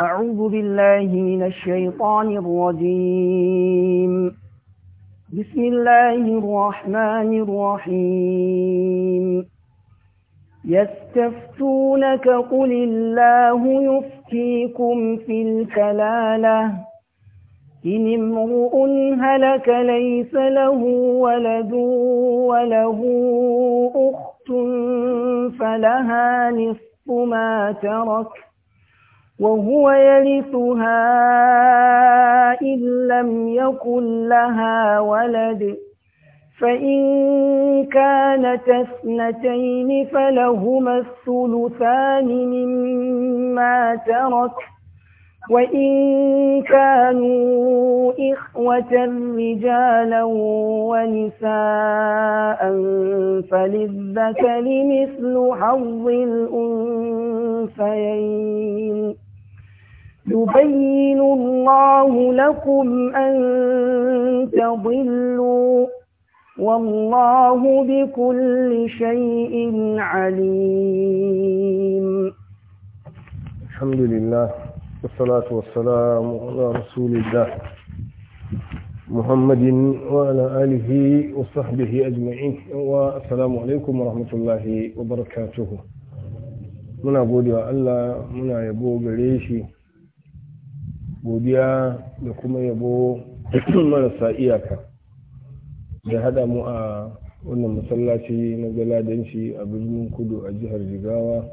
أعوذ بالله من الشيطان الرجيم بسم الله الرحمن الرحيم يستفتونك قل الله يفتيكم في الكلالة إن امرؤ هلك ليس له ولد وله أخت فلها نصف ما ترك وهو يرثها إن لم يكن لها ولد فإن كانت اثنتين فلهما الثلثان مما ترك وإن كانوا إخوة رجالا ونساء فللذكر مثل حظ الأنثيين يبين الله لكم أن تضلوا والله بكل شيء عليم الحمد لله والصلاة والسلام على رسول الله محمد وعلى آله وصحبه أجمعين والسلام عليكم ورحمة الله وبركاته muna godewa Allah muna yabo gare shi godiya da kuma yabo marasa iyaka da hada mu a wannan masallaci na galadanci a birnin kudu a jihar jigawa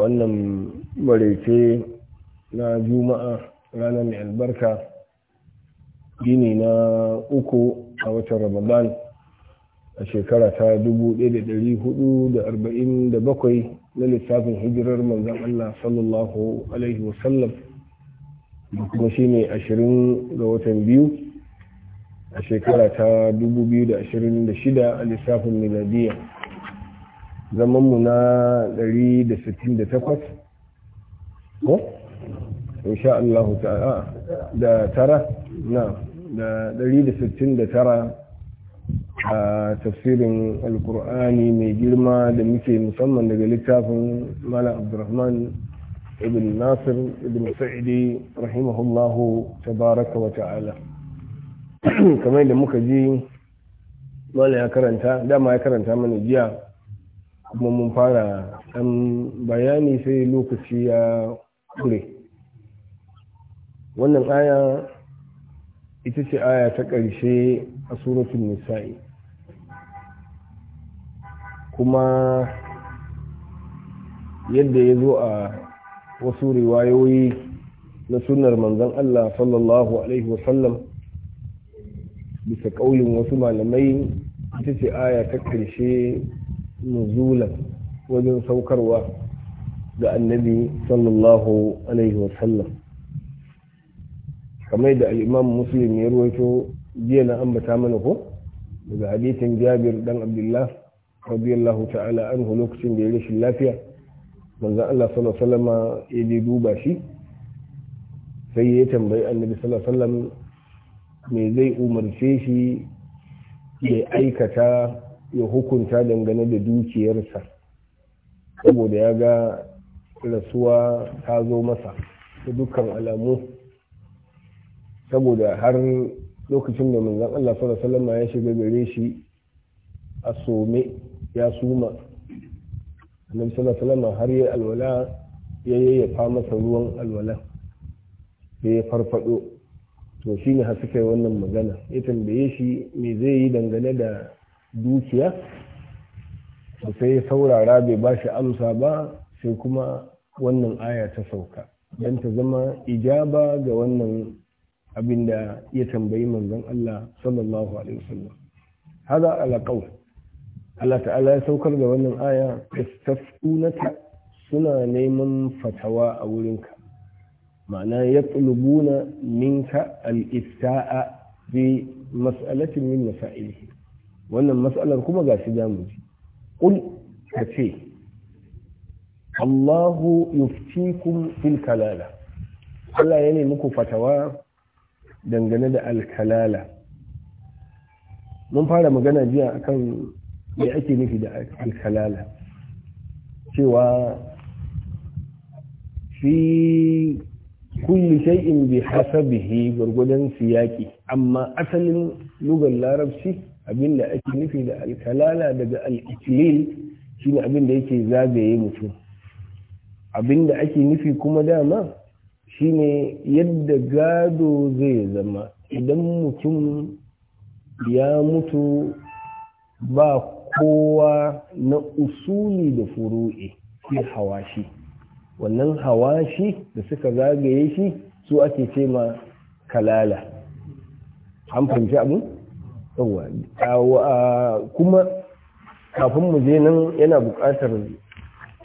wannan maraice na juma'a ranar mai albarka gini na uku a watan ramadan a shekara ta 1447 na lissafin hijirar manzan allah sallallahu alaihi wasallam kuma shi ne ashirin ga watan biyu a shekara ta dubu biyu da ashirin da shida a lissafin miladiya zamanmu na dari da sittin da takwas ko? insha Allah ta'ala da tara na da dari da sittin da tara a tafsirin alkur'ani mai girma da muke musamman daga littafin malam abdurrahman ibn nasir ibn sa'idi rahimahullahu tabaraka wa ta'ala kamar da muka ji wala ya karanta dama ya karanta mana jiya kuma mun fara ɗan bayani sai lokaci ya kure wannan aya ita ce aya ta ƙarshe a suratun nisa'i kuma yadda ya zo a wasu riwayoyi na sunar manzon Allah sallallahu alaihi wasallam bisa ƙaunin wasu malamai ita ce aya ta ƙarshe nuzulan wajen saukarwa ga annabi sallallahu alaihi wasallam kamar da al'imam muslim ya ruwaito jiya na ambata mana ko daga hadisin jabir dan abdullah radiyallahu ta'ala anhu lokacin da ya rashin lafiya manzan Allah sallallahu wasallam ya je duba shi sai ya tambayi annabi sallallahu wasallam me zai umarce shi ya aikata ya hukunta dangane da dukiyarsa saboda ya ga rasuwa ta zo masa da dukkan alamu saboda har lokacin da manzan Allah sallallahu wasallam ya shiga gare shi a some ya suma annabi sallallahu alaihi wasallam har yayi alwala ya yayyafa masa ruwan alwala da ya farfado to shine har suka yi wannan magana ya tambaye shi me zai yi dangane da dukiya to sai ya saurara bai ba shi amsa ba sai kuma wannan aya ta sauka don ta zama ijaba ga wannan abin da ya tambayi manzon Allah sallallahu alaihi wasallam hada ala qawl Allah ta'ala ya saukar da wannan aya yastaftunaka suna neman fatawa a wurinka ma'ana ya minka ninka, al'istaa, bi mas'alatin min masailihi wannan mas'alar kuma gashi da mu ji qul kace Allahu yuftikum fil kalala Allah ya nemi ku fatawa dangane da al-kalala mun fara magana jiya akan me ake nufi da alkalala cewa fi kulli shay'in bi hasabihi gwargwadon siyaki amma asalin lugar larabci abin da ake nufi da alkalala daga al-iklil shine abin da yake zagaye mutum abin da ake nufi kuma dama shine yadda gado zai zama idan mutum ya mutu ba kowa na usuli da furu'i sai hawashi wannan hawashi da suka zagaye shi su ake ce ma kalala an fahimci abu? kuma kafin mu je nan yana buƙatar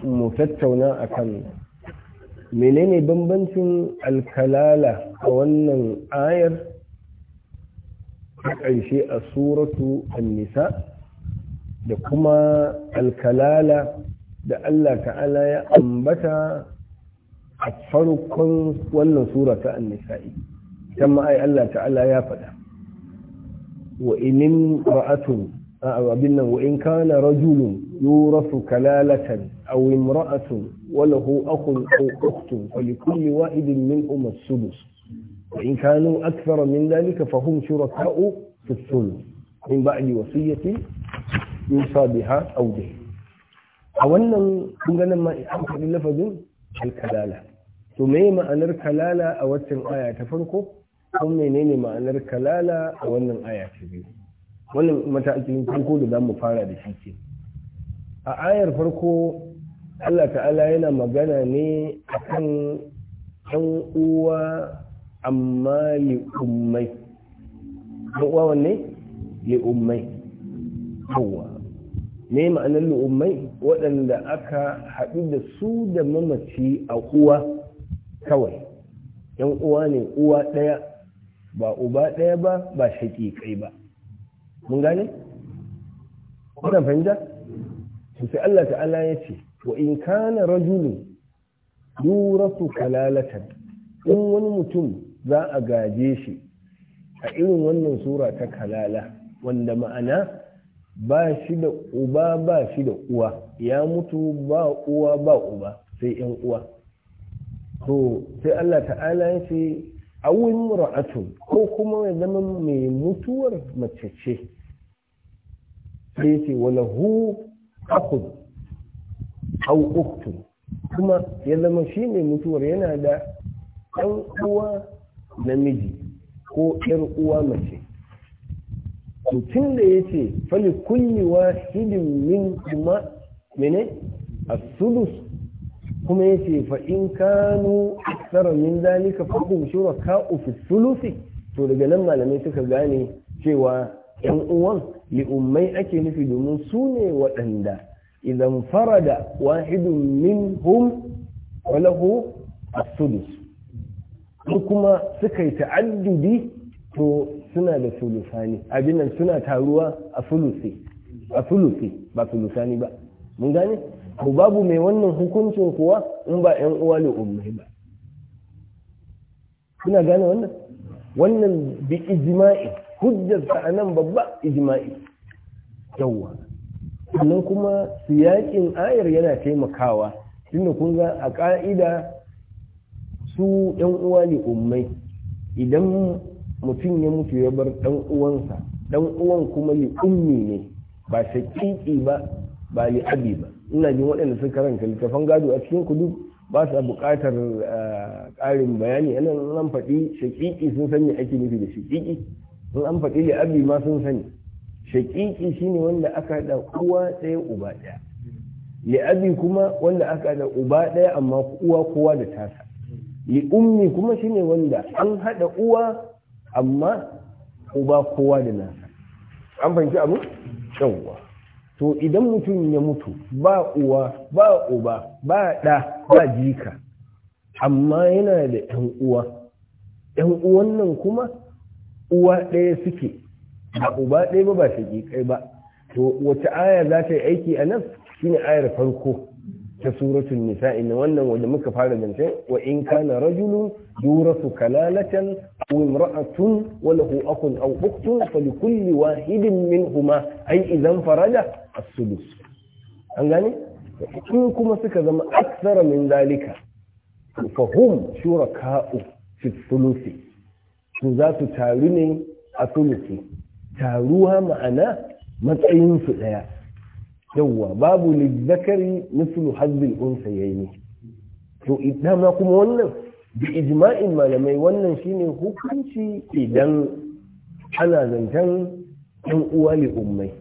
mu tattauna a akan menene bambancin alkalala a wannan ayar a ƙarshe a suratu an-nisa' da kuma alkalala da Allah ta'ala ya ambata a farkon wannan sura ta annisa'i ta ma'ai Allah ta'ala ya faɗa wa inin ra'atun abin nan wa in kana rajulun yurasu kalalatan aw imra'atun wa lahu akhun aw ukhtun wa li kulli wahidin min minhum as-sudus wa in kanu akthara min dhalika fa hum shuraka'u fi as-sulm min ba'di wasiyyati yusa biha aw a wannan ganin ma an faɗi lafazin alkalala to me ma'anar kalala a waccan aya ta farko ko menene ma'anar kalala a wannan aya ta biyu wannan cikin farko da zamu fara da shi ke a ayar farko Allah ta'ala yana magana ne akan ɗan uwa amma li'ummai ɗan uwa wanne li'ummai kowa. me ma'anar lu'ummai waɗanda aka haɗu da su da mamaci a uwa kawai yan uwa ne uwa ɗaya ba uba ɗaya ba ba kai ba mun gane? kuna fahimta? sai Allah ta'ala ya ce wa in kana rajulu yurasu kalalatan in wani mutum za a gaje shi a irin wannan sura ta kalala wanda ma'ana ba shi da uba ba shi da uwa ya mutu ba uwa ba uba sai yan uwa to sai Allah ta'ala ya ce awin ra'atu ko kuma ya zama mai mutuwar mace ce sai ya ce walahu aw ukhtu kuma ya zama shi mai mutuwar yana da ɗan uwa namiji ko ƴar uwa mace to da ya ce fali kulli wahidin min kuma mene a sulus kuma ya ce fa in kanu tsara min zalika fa shura ka fi sulusi to daga nan malamai suka gane cewa yan uwan li'ummai ake nufi domin su ne waɗanda idan farada wahidun minhum walahu a sulus kuma suka yi ta'addudi to suna da sulusani abin nan suna taruwa a sulusi a sulusi ba sulusani ba mun gane ko babu mai wannan hukuncin kuwa in ba yan uwa da ummai ba kuna gane wannan wannan bi ijma'i hujjar ta anan babba ijma'i yawwa sannan kuma siyakin ayar yana taimakawa tunda kun ga a ka'ida su yan uwa ne ummai idan mutum ya mutu ya bar dan uwansa dan uwan kuma li ummi ne ba shakiki ba ba li abi ba ina jin waɗanda suka karanta littafan gado a cikin kudu ba su buƙatar eh, ƙarin bayani ana nan faɗi shakiki sun sani ake nufi da shakiki in an faɗi li abi ma sun sani shakiki shine wanda aka da uwa ɗaya uba ɗaya li abi kuma wanda aka da uba ɗaya amma uwa kowa da tasa li ummi kuma shine wanda an haɗa uwa amma uba kowa da nasa an fahimci abu yawwa to idan mutum ya mutu ba uwa ba uba ba ɗa ba jika amma yana da ‘yan uwa ‘yan uwan nan kuma uwa ɗaya suke ba uba ɗaya ba ba shi kai ba to wace aya za ta yi aiki a nan shine ayar farko ta suratul nisa inna wannan waje muka fara zance wa in kana rajulun yurasu kalalatan aw imra'atun wa lahu akhun aw ukhtun fa likulli wahidin minhuma ay idan as-sudus an gane in kuma suka zama aksara min zalika fa hum shuraka'u fi thuluthi su za su taru ne a thuluthi taruwa ma'ana matsayin su daya yawwa babu lizzakari mislu hazbil unsayaini to dama kuma wannan bi ijma'in malamai wannan shine hukunci idan ana zantan yan uwa li ummai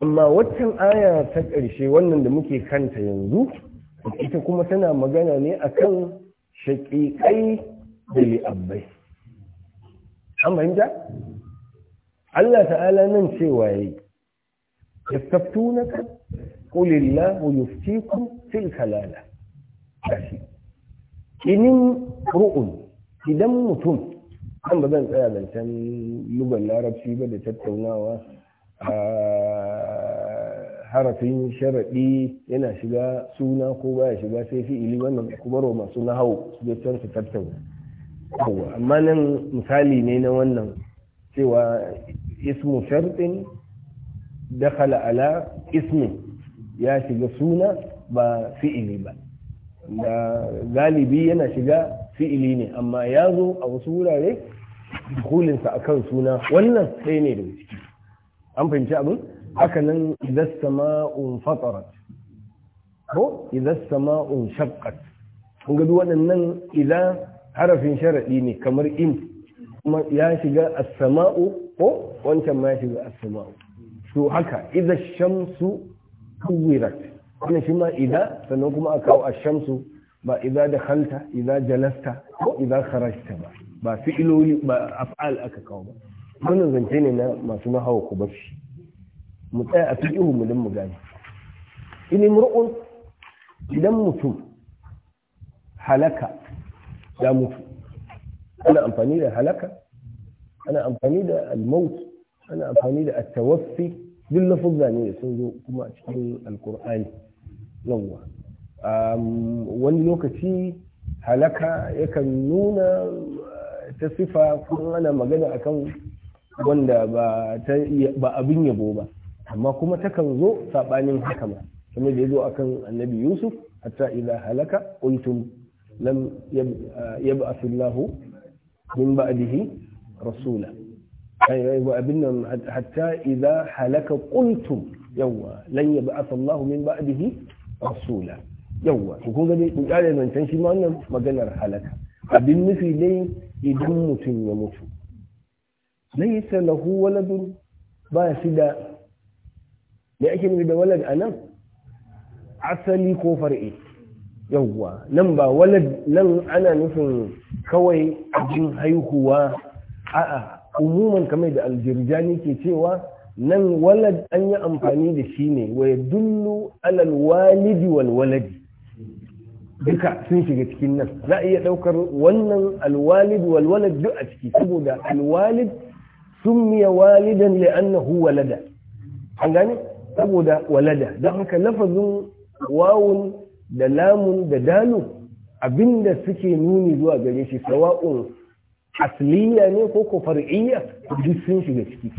amma waccan aya ta ƙarshe wannan da muke kanta yanzu ita kuma tana magana ne akan shaƙiƙai da li'abbai an fahimta Allah ta'ala nan cewa yayi yastaftunaka qul illahu yuftikum fil kalala kashi inin ru'un idan mutum kan zan tsaya zancen Luban larabci ba da tattaunawa a harafin sharaɗi yana shiga suna ko baya shiga sai fi'ili wannan kuma ro masu na hau su su tattauna amma nan misali ne na wannan cewa ismu sharɗin dakhala ala ismin ya shiga suna ba fi'ili ba da galibi yana shiga fi'ili ne amma ya zo a wasu wurare kulinsa a kan suna wannan sai ne da ciki an fahimci abin haka nan idan sama'un fatarat ko idan sama'un shaqqat kun ga waɗannan idan harafin sharaɗi ne kamar in kuma ya shiga as-sama'u ko wancan ma ya shiga as-sama'u to haka idan shamsu kuwirat wannan shi ma sannan kuma a kawo a shamsu ba idan da halta idan jalasta ko idan kharajta ba ba fi'iloli ba af'al aka kawo ba wannan zance ne na masu nahawa ku bar shi mu tsaya a cikin mu dan mu gane in imru'un idan mutum halaka ya mutu ana amfani da halaka ana amfani da al-maut ana amfani da attawaffi duk lafuzza ne da sun zo kuma a cikin alkur'ani yawwa wani lokaci halaka yakan nuna eh, ta sifa kuma ana magana akan wanda ba abin yabo ba amma kuma takan zo saɓanin haka ma kuma da ya zo akan annabi yusuf hatta idan halaka qultum lam eh, yab'athillahu min ba'dihi rasula abin nan hatta idza halaka qultum yawa lan yab'ath Allah min ba'dihi rasula yawa to kun ga in kare zancen shi ma wannan maganar halaka abin nufi dai idan mutum ya mutu laysa lahu waladun ba shi da me ake nufi da walad anan asali ko far'i yawwa nan ba walad nan ana nufin kawai jin haihuwa a'a umuman kamar da aljirjani ke cewa nan walad an yi amfani da shi ne wa ya dullu alal walidi wal waladi duka sun shiga cikin nan za a iya daukar wannan alwalid wal walad duk a ciki saboda alwalid miya walidan li annahu walada an gane saboda walada don haka lafazin wawun da lamun da dalu abinda suke nuni zuwa gare shi sawa'un asliya ne ko ko far'iyya duk sun shiga ciki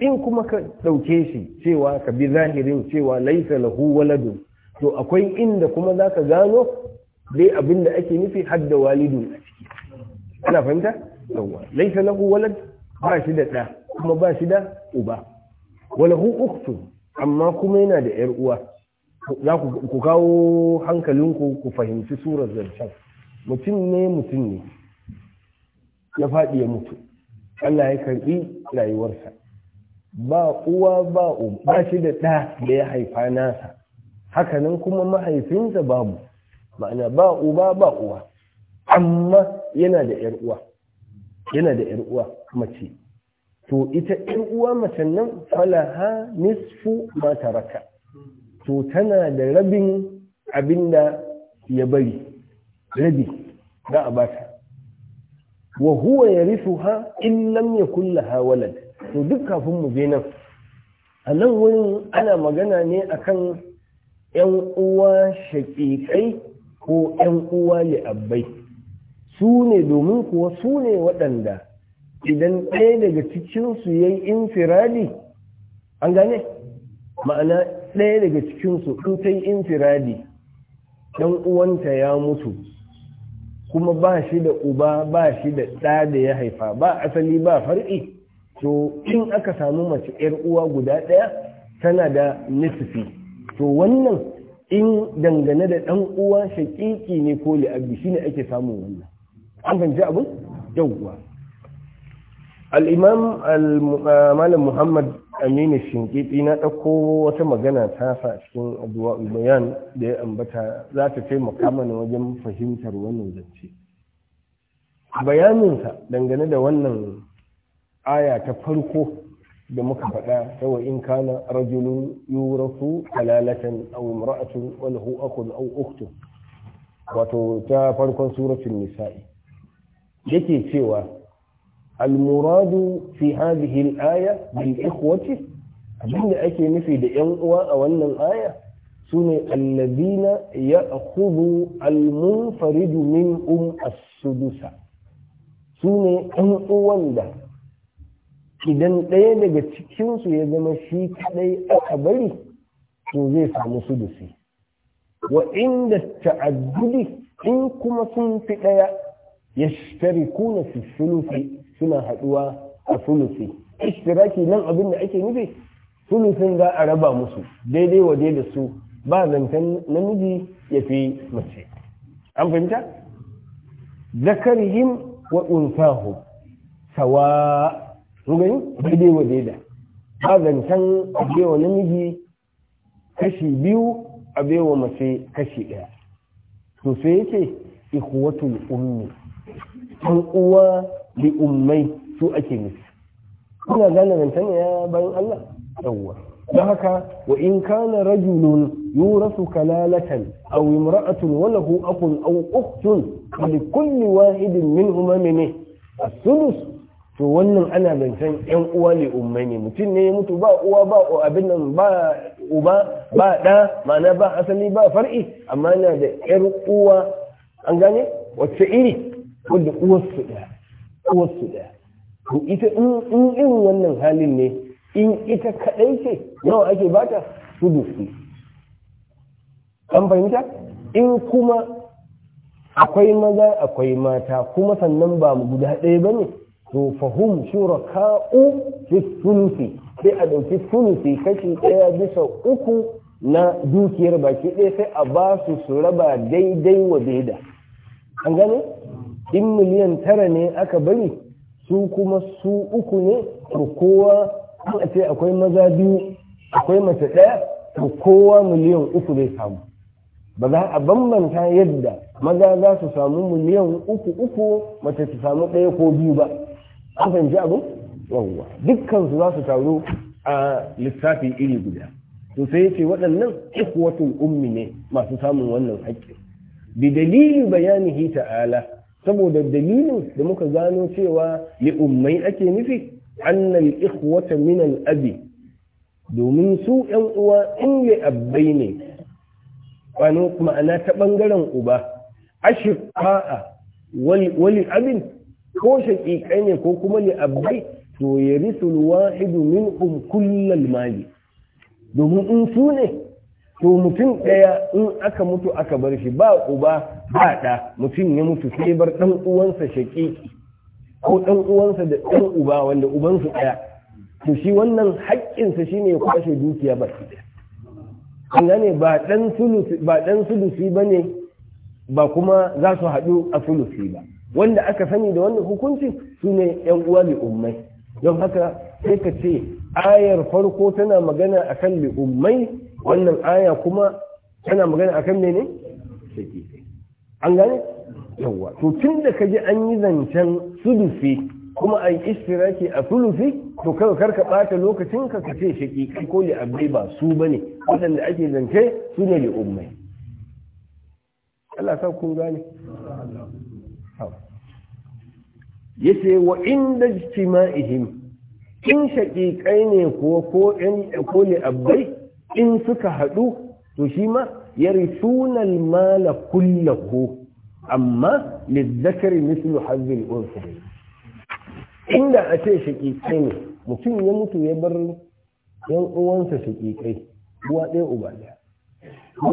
in kuma ka ɗauke shi cewa ka bi zahirin cewa laisa lahu waladu to akwai inda kuma za ka gano dai abin da ake nufi hadda walidu a ciki ana fahimta yawa laisa lahu walad ba shi da ɗa kuma ba shi da uba walahu ukhtu amma kuma yana da yar uwa za ku kawo hankalinku ku fahimci surar zancen mutum ne mutum ne ya faɗi ya mutu Allah ya karɓi rayuwarsa ba uwa ba um, ba shi da ɗa da ya haifa nasa hakanan kuma mahaifinsa babu ma'ana ba uba ba uwa amma yana da ‘yar uwa yana da ‘yar uwa mace to ita ‘yar uwa mace nan falaha nisfu ma taraka to tana da rabin abinda ya bari rabi za a bata wa huwa yarithuha in lam yakul laha walad to duk kafin mu je nan a nan wurin ana magana ne akan yan uwa shaƙiƙai ko yan uwa li'abbai su ne domin kuwa su ne waɗanda idan ɗaya daga cikinsu ya yi infiradi an gane ma'ana ɗaya daga cikinsu in ta yi infiradi ɗan uwanta ya mutu kuma ba shi da uba ba shi da ɗa da ya haifa ba asali ba far'i to in aka samu mace yar uwa guda ɗaya tana da nisfi to wannan in dangane da ɗan uwa shaƙiƙi ne ko shi ne ake samun wannan an fahimci abin yawwa al'imam Al'amalin muhammad aminu shinkiti na ɗauko wata magana ta sa cikin abuwa bayan da ya ambata za ta taimaka mana wajen fahimtar wannan zance bayaninsa dangane da wannan aya ta farko da muka faɗa yawa in kana rajulun yurasu halalatan aw imra'atun wani lahu akhun aw wato ta farkon suratun nisa'i yake cewa Almuradu المراد في هذه الآية بالإخوة abinda ake nufi da ‘yan uwa a wannan aya su ne allazina ya kudu almunfaridu min um as-sudusa su ne ‘yan uwan da idan ɗaya daga cikinsu ya zama shi kaɗai aka bari to zai samu sudusi wa inda ta'addudi in kuma sun fi ɗaya ya shari kuna fi sulufi suna haɗuwa a sulusi ishtiraki nan abin da ake nufi sulusin za a raba musu daidai wa da su ba zancen namiji ya fi mace an fahimta zakarihim wa unsahu sawa gani daidai wa daida ba zancen abewa namiji kashi biyu abewa mace kashi ɗaya to sai yake ikuwatul ummi ɗan uwa li ummai su ake nufi kuna gane zancen ya bayan Allah yawwa don haka wa in kana rajulun yurasu kalalatan aw imra'atun wa lahu akhun aw ukhtun li kulli wahidin minhum min as-sulus to wannan ana zancen yan uwa ne ummai ne mutum ne ya mutu ba uwa ba abin nan ba uba ba da ma'ana ba asali ba far'i amma yana da yar uwa an gane wacce iri wanda uwarsu ɗaya uwarsu ɗaya to ita in irin wannan halin ne in ita kaɗai ce nawa ake bata su dusu an fahimta in kuma akwai maza akwai mata kuma sannan ba mu guda ɗaya ba ne to fahim shuraka'u fi sulusi sai a ɗauki sulusi kashi ɗaya bisa uku na dukiyar baki ɗaya sai a ba su su raba daidai wa daida an gane in miliyan tara ne aka bari su kuma su uku ne to kowa an ce akwai maza biyu akwai mace ɗaya to kowa miliyan uku zai samu ba za a bambanta yadda maza za su samu miliyan uku uku mace su samu ɗaya ko biyu ba an fahimci abin yawwa dukkansu za su taru a lissafi iri guda to sai waɗannan ikwatul ummi ne masu samun wannan haƙƙi bi dalili bayanihi ta'ala saboda dalilin da muka gano cewa li ummai ake nufi annal ikhwata min al abi domin su yan uwa in li abbai ne wani ma'ana ta bangaren uba ashiqa'a wali wali abin ko shaqiqai ne ko kuma li abbai to yarisu al wahidu minhum kullal mali domin in su ne to mutum ɗaya in aka mutu aka bar shi ba uba ba ɗa mutum ya mutu sai bar ɗan uwansa shaƙiƙi ko ɗan uwansa da ɗan uba wanda ubansu ɗaya to shi wannan haƙƙinsa shine ya kwashe dukiya ba ɗaya an gane ba ɗan sulusi ba ne ba kuma za su haɗu a sulusi ba wanda aka sani da wannan hukuncin su ne ‘yan uwa li'ummai don haka sai ka ce ayar farko tana magana akan li'ummai wannan aya kuma tana magana akan mene an gane Yawwa. to tun da ka an yi zancen sulufi kuma an yi istiraki a sulufi to kawai karka bata lokacin ka ce shaki ko li'abbai ba su bane waɗanda ake zance su ne li'ummai Allah sa kun gane yace wa inda jima'ihim in shaƙiƙai ne ko ko ko ne abbai in suka haɗu to shi ma ya risunan mala kullahu amma lizzakari mislu hazin unsuri inda a ce shaƙiƙai ne mutum ya mutu ya bar yan uwansa shaƙiƙai uwa ɗaya uba ɗaya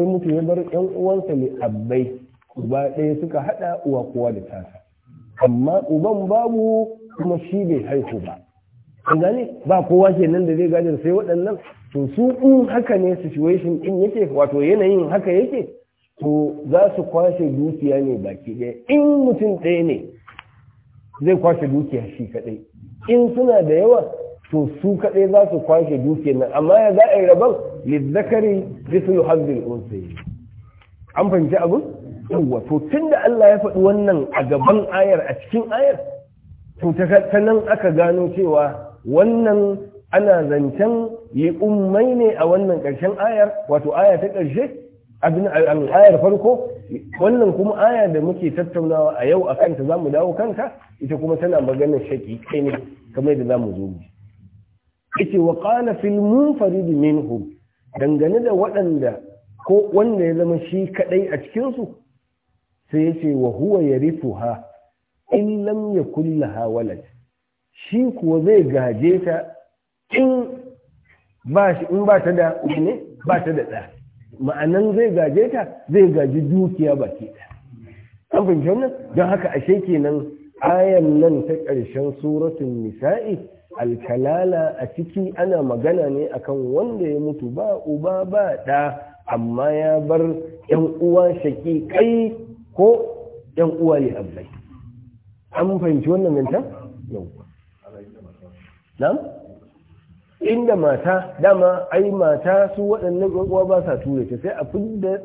Ya mutu ya bar yan uwansa ne abbai uba ɗaya suka haɗa uwa kowa da tasa amma uban babu kuma shi bai haihu ba an ba kowa ke nan da zai gane sai waɗannan to su in haka ne situation in yake wato yanayin haka yake to za su kwashe dukiya ne baki ɗaya in mutum ɗaya ne zai kwashe dukiya shi kaɗai in suna da yawa to su kaɗai za su kwashe dukiyar nan amma ya za a yi rabon lizzakari bisul hazin yi an fahimci abin yawwa to tun da Allah ya faɗi wannan a gaban ayar a cikin ayar to ta nan aka gano cewa wannan ana zancen yi ummai ne a wannan ƙarshen ayar wato aya ta ƙarshe abin ayar farko wannan kuma aya da muke tattaunawa a yau a kanta za mu dawo kanta ita kuma tana maganar shaki kai ne kamar da za mu zo ce wa qala fil munfarid minhum dangane da waɗanda ko wanda ya zama shi kadai a cikin su sai yace wa huwa yarithuha in lam yakul laha walad shi kuwa zai gaje ta in ba ta da ne ba ta da ɗa ma'anan zai gaje ta zai gaji dukiya baki ta. an fahimci wannan don haka ashe nan, ayan nan ta ƙarshen suratun nisa'i alkalala a ciki ana magana ne akan wanda ya mutu ba uba ba ɗa amma ya bar yan uwa kai ko yan uwa ne abai an fahimci wannan mintan yau nan inda mata dama ai mata su waɗannan uwa ba sa ture ta sai a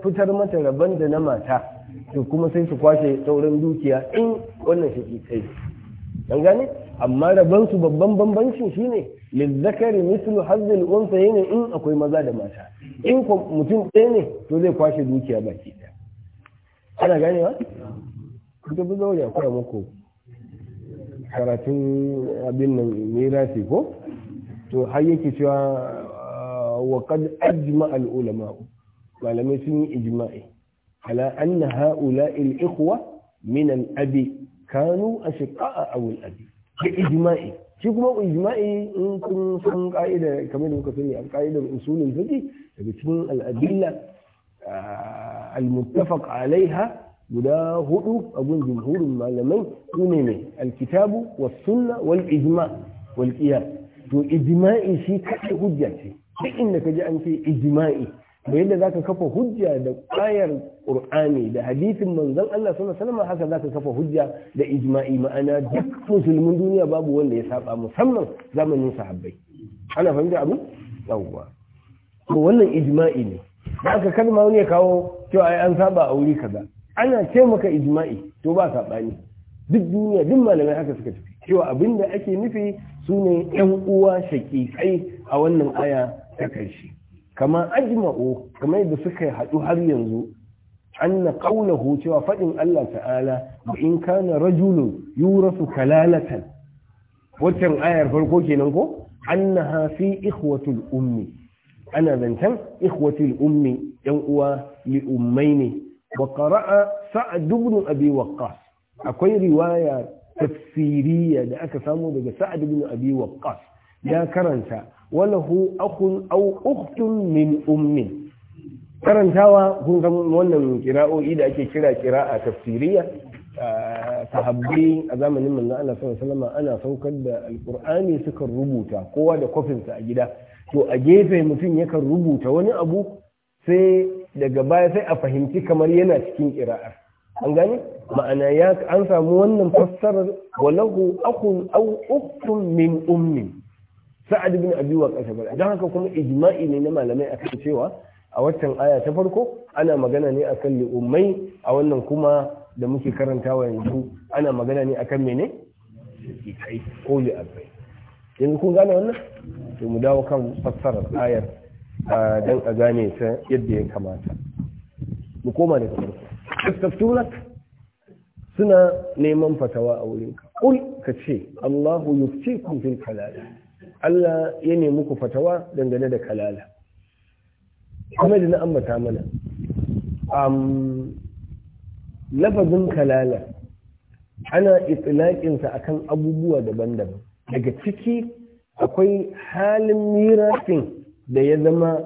fitar mata rabon da na mata to kuma sai su kwashe sauran dukiya in wannan shi kai an gane amma rabon su babban bambancin shine lizzakari mislu hazzil unsa ne in akwai maza da mata in mutum ɗaya ne to zai kwashe dukiya baki ɗaya ana ganewa ku tafi zaure akwai muku karatun abin nan ce ko to har yake cewa wa kad ajma al ulama malamai sun yi ijma'i ala anna haula al ikhwa min al abi kanu ashqa'a aw al abi ijma'i shi kuma ijma'i in kun san ka'ida kamar da muka sani al ka'idar usulul fiqh daga cikin al adilla al muttafaq alaiha guda hudu abun jumhurin malamai su ne ne alkitabu wa sunna wal ijma wal to ijma'i shi kaɗai hujja ce duk inda ka ji an ce ijma'i da yadda zaka kafa hujja da ƙwayar ƙur'ani da hadisin manzon Allah sallallahu alaihi haka zaka kafa hujja da ijma'i ma'ana duk musulmin duniya babu wanda ya saba musamman zamanin sahabbai ana fahimta abu yawwa to wannan ijma'i ne zaka aka kalma wani ya kawo cewa ai an saba a wuri kaza ana ce maka ijma'i to ba saɓani duk duniya duk malamai haka suka tafi cewa abin da ake nufi su ne ‘yan uwa shaƙiƙai a wannan aya ta ƙarshe kama ajma'u kamar da suka haɗu har yanzu anna qawluhu cewa faɗin Allah ta'ala wa in kana rajulun yurasu kalalatan waccan ayar farko kenan ko annaha fi ikhwatul ummi ana zancen ikhwatul ummi ‘yan uwa li ummai ne wa qara'a sa'ad abi waqqas akwai riwaya tafsiriya da aka samu daga sa'ad ibn abi waqqas ya karanta walahu akhun aw ukhtun min ummi karantawa kun san wannan kira'o'i da ake kira kira'a tafsiriya ah, sahabbai a zamanin manzo Allah sallallahu alaihi ana saukar da alqur'ani suka rubuta kowa da kofinsa a gida to a gefe mutum yakan rubuta wani abu sai daga baya sai a fahimci kamar yana cikin ƙira'ar an gani ma'ana ya an samu wannan fassarar walahu akun au ukhtun min ummin sa'ad ibn abi waqas bar dan haka kuma ijma'i ne na malamai akan cewa a waccan aya ta farko ana magana ne akan ummai a wannan kuma da muke karantawa yanzu ana magana ne akan mene ko li abai yanzu kun gane wannan to mu dawo kan fassarar ayar don a gane ta yadda ya kamata mu koma daga farko istaftulak suna neman fatawa a ka kul ka ce Allahu yuftikum fil kalala Allah ya nemi ku fatawa dangane da kalala kuma da na ambata mana lafazin kalala ana itilaƙinsa akan abubuwa daban-daban daga ciki akwai halin mirafin da ya zama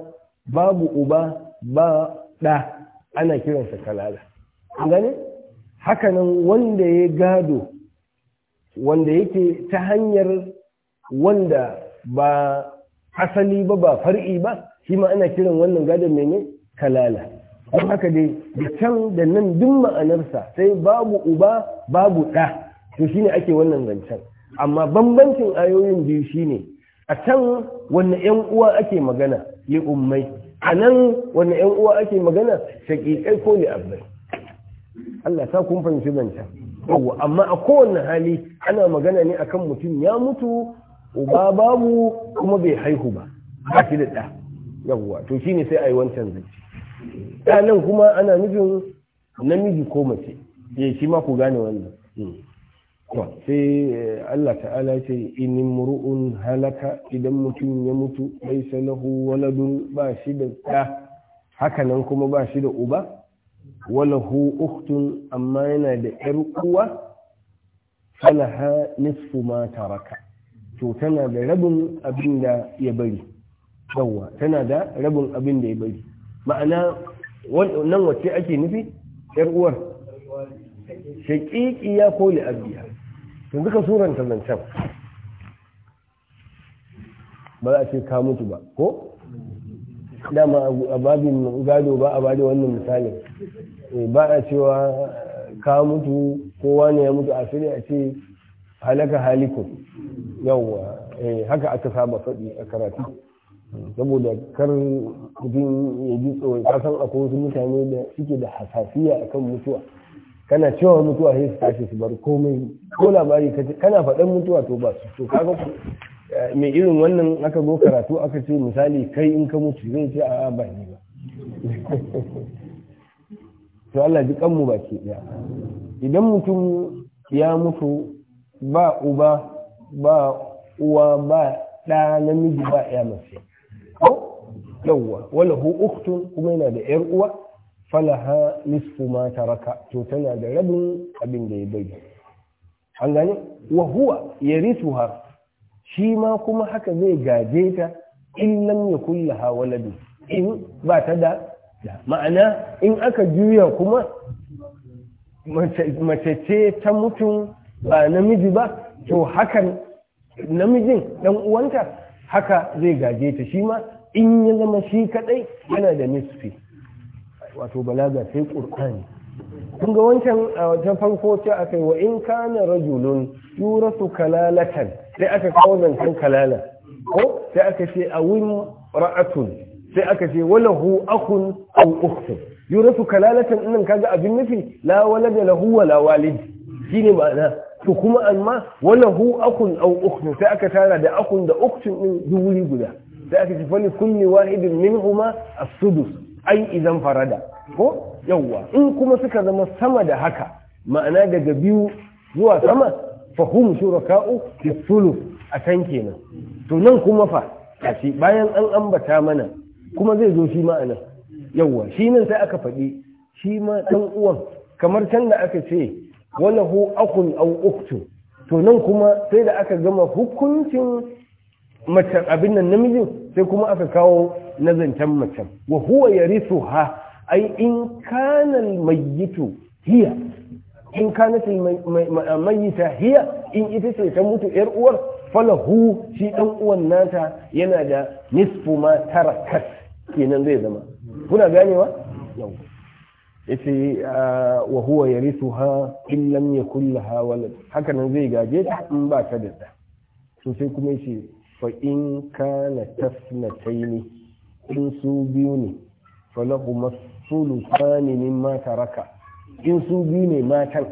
babu uba ba ɗa ana kiransa kalala an hakanan wanda ya gado wanda yake ta hanyar wanda ba asali ba ba far'i ba shi ma ana kiran wannan gadon mene kalala don haka dai da can da nan duk ma'anarsa sai babu uba babu ɗa to shine ake wannan zancen amma bambancin ayoyin biyu shine a can wanne yan uwa ake magana yi ummai a nan wanne yan uwa ake magana shaƙiƙai ko ne abin Allah ta kun fahimci zancen amma a kowane hali ana magana ne akan mutum ya mutu uba babu kuma bai haihu ba ba shi da ɗa yawwa to shine sai a yi wancan zance ɗanan kuma ana nufin namiji ko mace ya eh, shi ma ku gane wannan hmm. sai eh, Allah ta'ala ce inin muru'un halaka idan mutum ya mutu bai sanahu waladun ba shi da ɗa hakanan kuma ba shi da uba walahu uktun amma yana da ‘yar uwa falaha nisfu ma taraka to tana da rabin abin da ya bari yawwa tana da rabin abin da ya bari ma'ana nan wace ake nufi ‘yar uwar shaƙiƙiya ko li'abiya yanzu ka suranta zancen ba za a ce ka mutu ba ko dama a babin gado ba a bada wannan misalin eh, ba a cewa ka mutu kowa ne ya mutu a sai a ce halaka halikun yawwa eh, haka aka saba faɗi a karatu saboda kar mutum ya ji kasan akwai wasu mutane da suke da hasasiya akan mutuwa kana cewa mutuwa sai su su bar komai ko labari ka kana faɗan mutuwa to ba su to kaga eh, mai irin wannan aka zo karatu aka ce misali kai in ka mutu zai ce a ba ni ba to Allah ji kanmu ba ke ɗaya idan mutum ya mutu ba uba ba uwa ba ɗa namiji ba ya mace yawwa wala hu uktun kuma yana da yar uwa falaha nisfu ma taraka to tana da rabin abin da ya bai an gane wa huwa yarithuha shi ma kuma haka zai gaje ta in lam yakul laha waladu in ba ta da ma'ana in aka juya kuma mace ce ta mutum ba namiji ba to hakan namijin dan uwanta haka zai gaje ta shi ma in ya zama shi kadai yana da nisfi wato balaga sai qur'ani kun ga wancan a wajen farko ce aka yi wa in kana rajulun yurasu kalalatan sai aka kawo zancen kalala ko sai aka ce a win ra'atun sai aka ce wala hu akun aw ukhtun yurasu kalalatan nan kaga abin nufi la da lahu wala walid shine ma'ana to kuma amma wala hu akun au ukhtun sai aka tara da akun da ukhtun din duk guda sai aka ce fali kulli wahidin minhuma as-sudus ai idan farada ko yawwa in kuma suka zama sama da haka ma'ana daga biyu zuwa sama fahum shuraka'u fi sulu a can kenan to nan kuma fa kashi bayan an ambata mana kuma zai zo shi ma'ana yawwa shi nan sai aka faɗi shi ma dan uwan kamar can da aka ce walahu akun aw uktu to nan kuma sai da aka gama hukuncin mace abin nan namijin sai kuma aka kawo na zancen macen wa huwa ha. ai in kana almayyitu hiya in kanat almayyita hiya in ita ce ta mutu yar uwar falahu shi dan uwan nata yana da nisfu ma tarakat kenan zai zama kuna ganewa yau yace ah, wa huwa yarithuha in lam yakul laha walad haka nan zai gaje ta in ba ta da to sai kuma yace fa in kana tasnataini in su biyu ne falahu masulu tsani mata raka in su biyu ne matan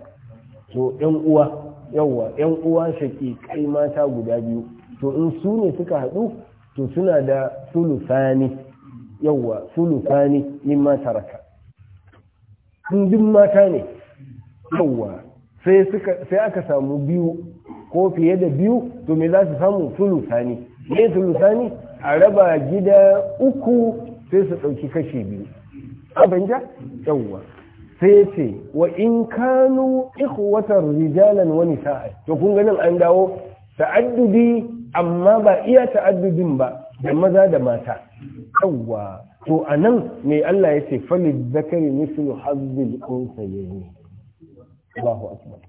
to yan uwa yawa yan uwa kai mata guda biyu to in su ne suka haɗu to suna da sulusani yawa sulusani mata raka in duk mata ne yawa sai aka samu biyu ko fiye da biyu to me za su samu sulusani ne sulusani a raba gida uku sai su ɗauki kashe biyu ja yawwa sai ce wa in kanu ikhwatar rijalan wani nisa'a to kun ganin an dawo ta'addudi amma ba iya ta'addudin ba da maza da mata yawwa to anan me Allah ya ce falil zakari mislu hazzil unsayayn Allahu akbar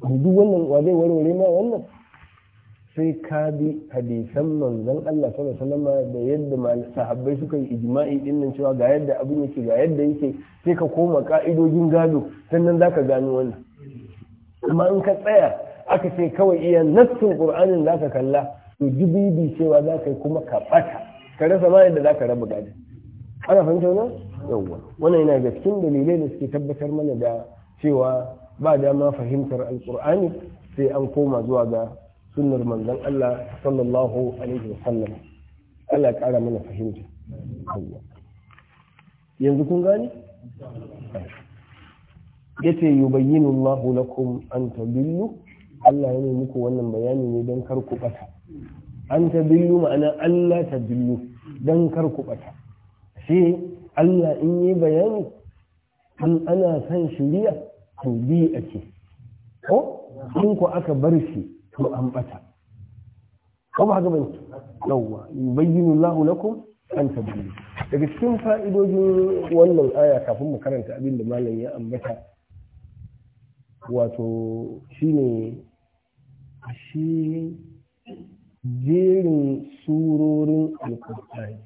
duk wannan wa zai warware ma wannan sai ka bi hadisan manzon Allah sallallahu alaihi wasallam da yadda sahabbai suka yi ijma'i din cewa ga yadda abin yake ga yadda yake sai ka koma ka'idojin gado sannan zaka gano wannan amma in ka tsaya aka ce kawai iya nassin qur'anin zaka kalla to jibibi cewa zaka kuma ka bata ka rasa ma yadda zaka rabu gado ana fahimta wannan yawwa wannan yana ga cikin dalilai da suke tabbatar mana da cewa ba dama fahimtar alkur'ani sai an koma zuwa ga sunnar manzon Allah sallallahu alaihi wasallam Allah ya kara mana fahimta yanzu kun gane yace yubayyinu Allah lakum an tadillu Allah ya muku wannan bayani ne don kar ku bata an tadillu ma'ana Allah tadillu don kar ku bata Sai Allah in yi bayani An ana san shiriya kubi a ce ko in ku aka bar shi to an bata ko ba haka bane yawwa yubayyinu Allahu lakum an tabiru daga cikin fa'idojin wannan aya kafin mu karanta abin da malam ya ambata wato shine shi jerin surorin alkur'ani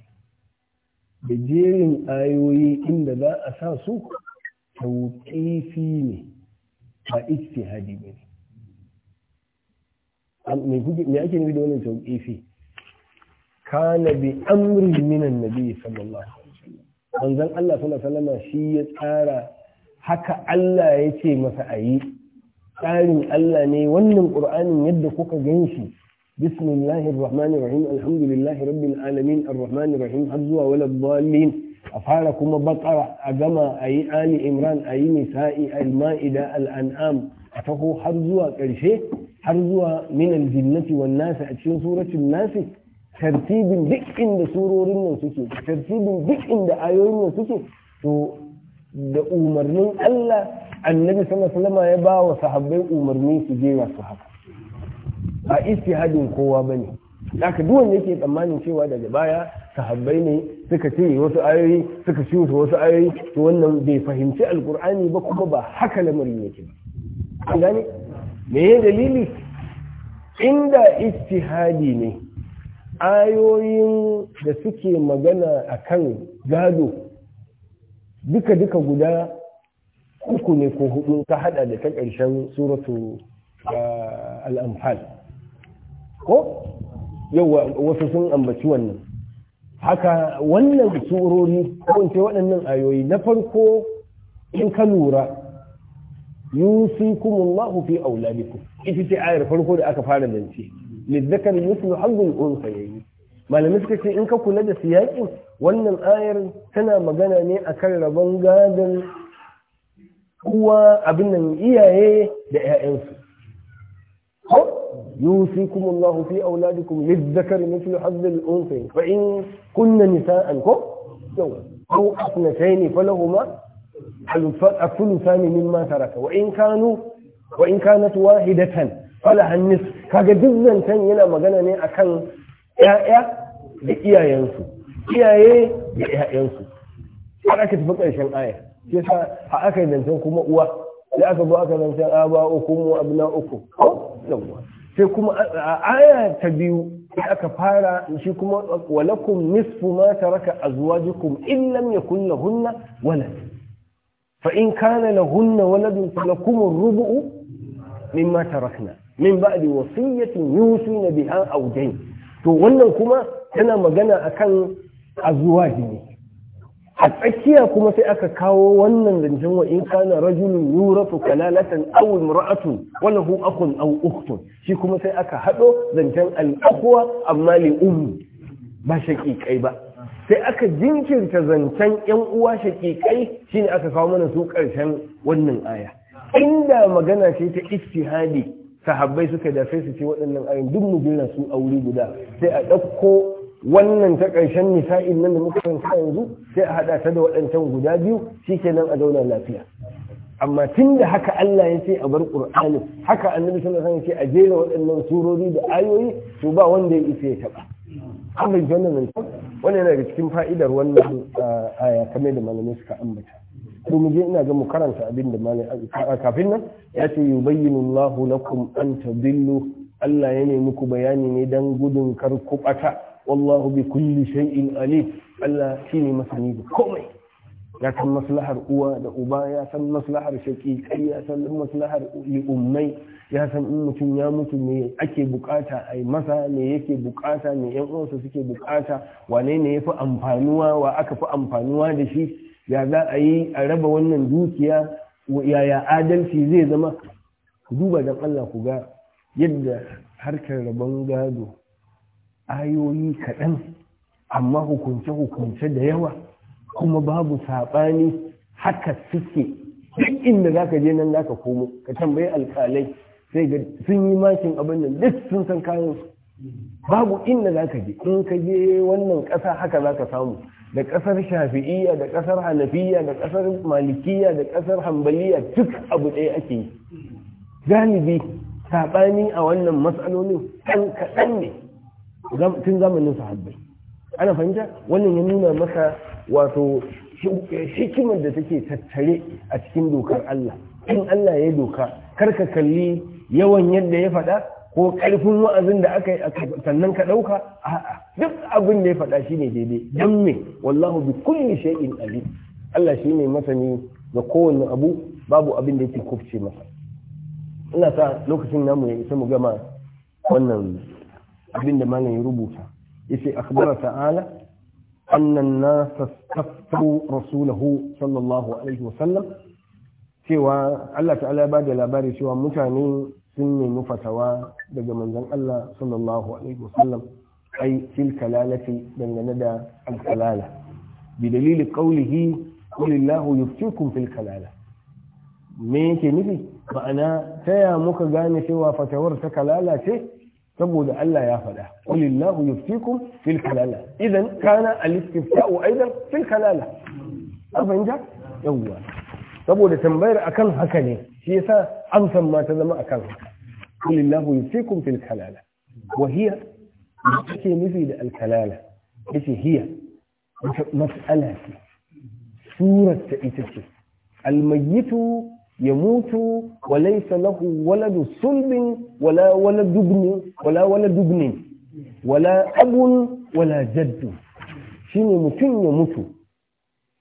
da jerin ayoyi inda za a sa su tauƙefi ne ba ijtihadi ba ne me ake nufi da wannan tauƙefi kana bi amri minan nabi sallallahu alaihi wasallam manzon Allah sallallahu alaihi wasallam shi ya tsara haka Allah ya ce masa ayi tsarin Allah ne wannan Qur'anin yadda kuka ganshi بسم الله الرحمن alhamdulillahi الحمد لله رب العالمين الرحمن الرحيم حظوا ولا a fara kuma bakara a gama a yi ali imran a yi nisa'i al-ma'ida al-an'am a taho har zuwa ƙarshe har zuwa min al-jinnati wan nasi a cikin suratul nasi tartibin duk inda surorin nan suke tartibin duk inda ayoyin nan suke to da umarnin Allah annabi sallallahu alaihi wasallam ya ba wa sahabbai umarni su je su haka ba istihadin kowa bane haka duk wanda yake tsammanin cewa daga baya sahabbai ne suka ce wasu ayoyi suka ci wasu ayoyi to wannan bai fahimci alkur'ani ba kuma ba haka lamarin yake ba an gane me ya dalili inda istihadi ne ayoyin da suke magana akan gado duka duka guda uku ne ko hudu ka hada da ta ƙarshen suratu al-anfal ko yawa wasu sun ambaci wannan haka wannan surori ko waɗannan ayoyi na farko in ka lura yusikumullahu fi auladikum ita ce ayar farko da aka fara zance lizzakar mislu hazzul yi malamai suka ce in ka kula da siyakin wannan ayar tana magana ne akan rabon gadon kuwa abin nan iyaye da 'ya'yansu يوصيكم الله في أولادكم للذكر مثل حظ الأنثيين فإن كن نساء كم أو أثنتين فلهما الثلثان مما ترك وإن كانوا وإن كانت واحدة فلها النصف kaga duk zancen yana magana ne a kan ‘ya'ya da iyayensu iyaye da ‘ya'yansu har aka tafi ƙarshen aya shi sa a aka zancen kuma uwa da aka zo aka zancen aba uku mu na uku yawwa sai kuma aya ta biyu aka fara shi kuma walakum nisfu ma taraka azwajukum in lam yakun lahunna walad fa in kana lahunna waladun falakum ar-rubu'u mimma tarakna min ba'di wasiyatin yusina biha aw dayn to wannan kuma tana magana akan azwaji ne a tsakiya kuma sai aka kawo wannan zancen wa in kana rajulun yuratu kalalatan aw imra'atu wa lahu akun aw ukhtun shi kuma sai aka hado zancen al amma li ummi ba shaqiqai ba sai aka jinkirta zancen yan uwa shaqiqai shine aka kawo mana su karshen wannan aya inda magana ce ta ijtihadi sahabbai suka dafe su ce waɗannan ayoyin duk mu su a guda sai a ɗauko wannan ta ƙarshen nisa'in nan da muka karanta yanzu sai a haɗa ta da waɗancan guda biyu shi ke nan a zauna lafiya amma tun da haka Allah ya ce a bar ƙur'ani haka annabi sun san ce a jera waɗannan surori da ayoyi to ba wanda ya isa ya taɓa an bai wannan nan wani yana daga cikin fa'idar wannan aya kame da malamai suka ambata to mu je ina ga mu karanta abin da malamai kafin nan ya ce yubayyinu Allahu lakum an tadillu Allah ya nemi ku bayani ne dan gudun kar ku ɓata wallahu bi kulli shay'in alif Allah shine masani da komai ya san maslahar uwa da uba ya san maslahar shaki. ya san maslahar ummai ya san in mutum ya mutu me ake bukata a masa me yake bukata me yan uwansa suke bukata wane ne ya fi amfanuwa wa aka fi amfanuwa da shi ya za a yi a raba wannan dukiya yaya adalci zai zama duba da Allah ku ga yadda harkar rabon gado ayoyi kaɗan amma hukunce-hukunce da yawa kuma babu saɓani haka suke duk inda za ka je nan za ka komo ka tambayi alƙalai sai ga sun yi makin abin nan duk sun san kayan babu inda za ka je in ka je wannan ƙasa haka za ka samu da ƙasar shafi'iyya da ƙasar hanafiya da ƙasar malikiya da ƙasar hambaliya duk abu ɗaya ake yi galibi saɓani a wannan matsalolin ɗan kaɗan ne tun zamanin sahabbai ana fahimta wannan ya nuna maka wato hikimar da take tattare a cikin dokar Allah in Allah ya doka karka kalli yawan yadda ya faɗa ko ƙarfin wa'azin da aka yi sannan ka ɗauka a'a duk abin da ya faɗa shi ne daidai don me wallahu bi kulli shay'in ali Allah shi ne masani ga kowane abu babu abin da yake kufce masa ina sa lokacin namu ya isa mu gama wannan abin da malam ya rubuta yace akhbara ta'ala anna an-nas istaftu rasulahu sallallahu alaihi sallam. cewa Allah ta'ala ya bada labari cewa mutane sun nemi fatawa daga manzon Allah sallallahu alaihi sallam. ai fil kalalati dangane da al-kalala bi dalili qawlihi qulillahu yuftikum fil kalala me yake nufi ma'ana taya muka gane cewa fatawar ta kalala ce saboda Allah ya faɗa qulillahu yuftikum fil kalala idan kana al-istifta'u aidan fil kalala an yawwa saboda tambayar akan haka ne shi yasa amsan ma ta zama akan haka qulillahu yuftikum fil kalala wa hiya take nufi da al-kalala yace hiya mas'ala ce ta ita ce al-mayyitu ya mutu wa laysa lahu wala waladu ibn wala waladu ibn wala abun wala jaddu shine mutum ya mutu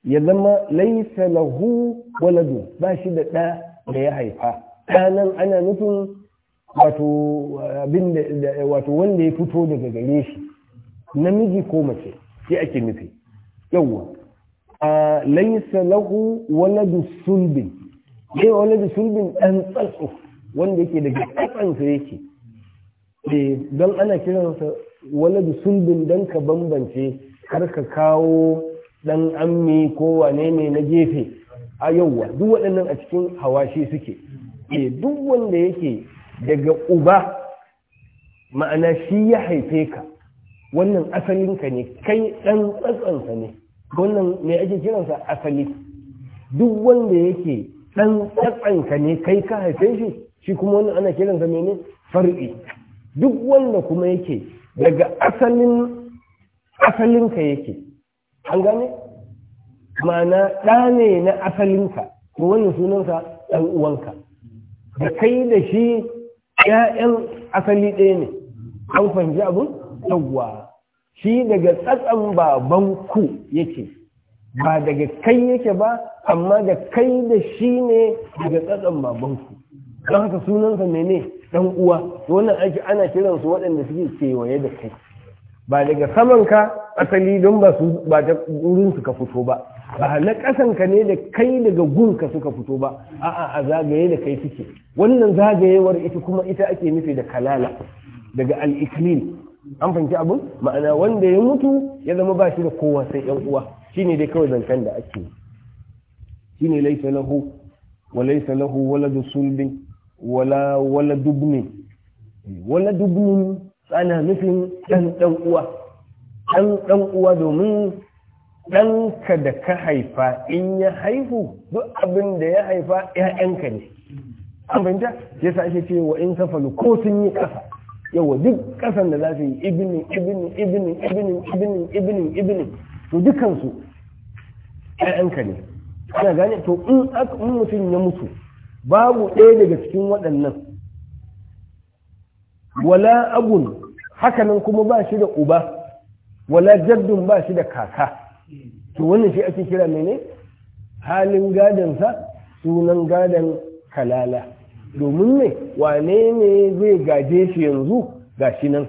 ya zama laysa lahu waladu ba shi da ɗa da ya haifa ɗanan ana nufin wato wanda ya fito daga gare shi namiji ko mace sai ake nufi yawwa a laysa lahu waladu sulbin ne wani da sulbin ɗan tsatso wanda yake daga tsatsansa yake eh, don ana kiransa wani da sulbin don ka bambance har ka kawo ɗan ammi ko wane ne na gefe a yauwa duk waɗannan a cikin hawashi suke eh, duk wanda yake daga uba ma'ana shi ya haife ka wannan asalinka ne kai ɗan tsatsansa ne wannan mai ake kiransa asali duk wanda yake dan tsatsanka ne kai ka haife shi shi kuma wani ana kiran kiransa mene far'i duk wanda kuma yake daga asalin asalinka yake an gane Mana ɗa ne na asalinka ko wannan sunansa ɗan uwanka da kai da shi ‘ya'yan asali ɗaya ne an fahimci abin yawwa shi daga tsatsan babanku yake ba daga kai yake ba amma da kai da shi ne daga tsatsan babanku don haka sunansa ne ɗan uwa wannan aiki ana kiran su waɗanda suke kewaye da kai ba daga samanka asali don ba su ba ta wurin suka fito ba ba na ƙasanka ne da kai daga gunka suka fito ba a'a a zagaye da kai suke wannan zagayewar ita kuma ita ake nufi da kalala daga al-iklil an fanki abin ma'ana wanda ya mutu ya zama ba shi da kowa sai yan uwa shine dai kawai zancen da ake shine laisa lahu wa laisa lahu waladu sulbin wala wala dubni wala dubni ana nufin dan dan uwa dan dan uwa domin ɗanka da ka haifa in ya haihu duk abin da ya haifa ‘ya'yanka ne an fahimta ya sa ake ce wa in safalu ko sun yi kasa yawa duk ƙasan da za su yi ibinin ibinin ibinin ibinin ibinin ibinin ibinin to dukansu ƴaƴanka ne ana gane to in mutum ya mutu babu ɗaya daga cikin waɗannan wala abun hakanan kuma ba shi da uba wala jaddun ba shi da kaka to wannan shi ake kira mene halin gadansa sunan gadan kalala domin ne wane ne zai gaje shi yanzu ga shi nan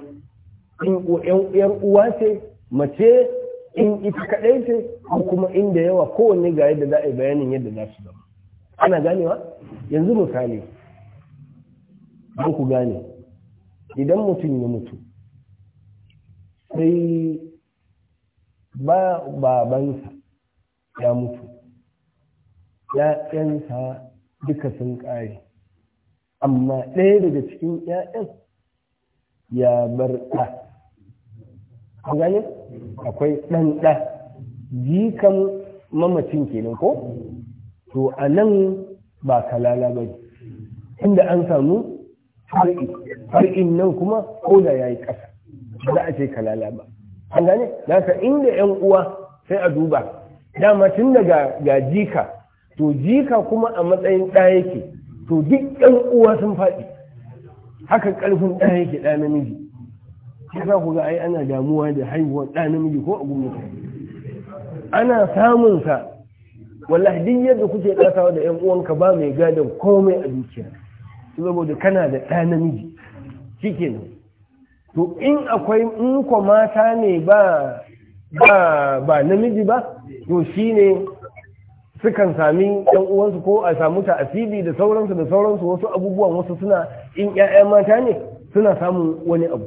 in uwa ce mace in ita kaɗai ce ko kuma inda yawa kowanne ga yadda za a yi bayanin yadda za su zama ana ganewa yanzu misali don ku gane idan mutum ya mutu sai ba babansa ya mutu ‘ya'yansa duka sun ƙare amma ɗaya daga cikin ‘ya'yan ya bar ɗa an gane akwai ɗan ɗa jikan mamacin kenan ko to a nan ba kalala ba inda an samu far'i far'in nan kuma ko da ya yi ƙasa za a ce kalala ba an gane nasa inda yan uwa sai a duba dama tun daga ga jika to jika kuma a matsayin ɗa yake to duk yan uwa sun faɗi haka ƙarfin ɗa yake ɗa namiji za ku ga ai ana damuwa da haihuwar ɗa namiji ko a gumi ana samun sa wallahi duk yadda kuke ɗasawa da yan uwanka ba mai gadon komai a dukiya saboda kana da ɗa namiji shikenan to in akwai in ko mata ne ba ba ba namiji ba to shine sukan sami yan uwansu ko a samu ta asibi da sauransu da sauransu wasu abubuwan wasu suna in ƴaƴa mata ne suna samun wani abu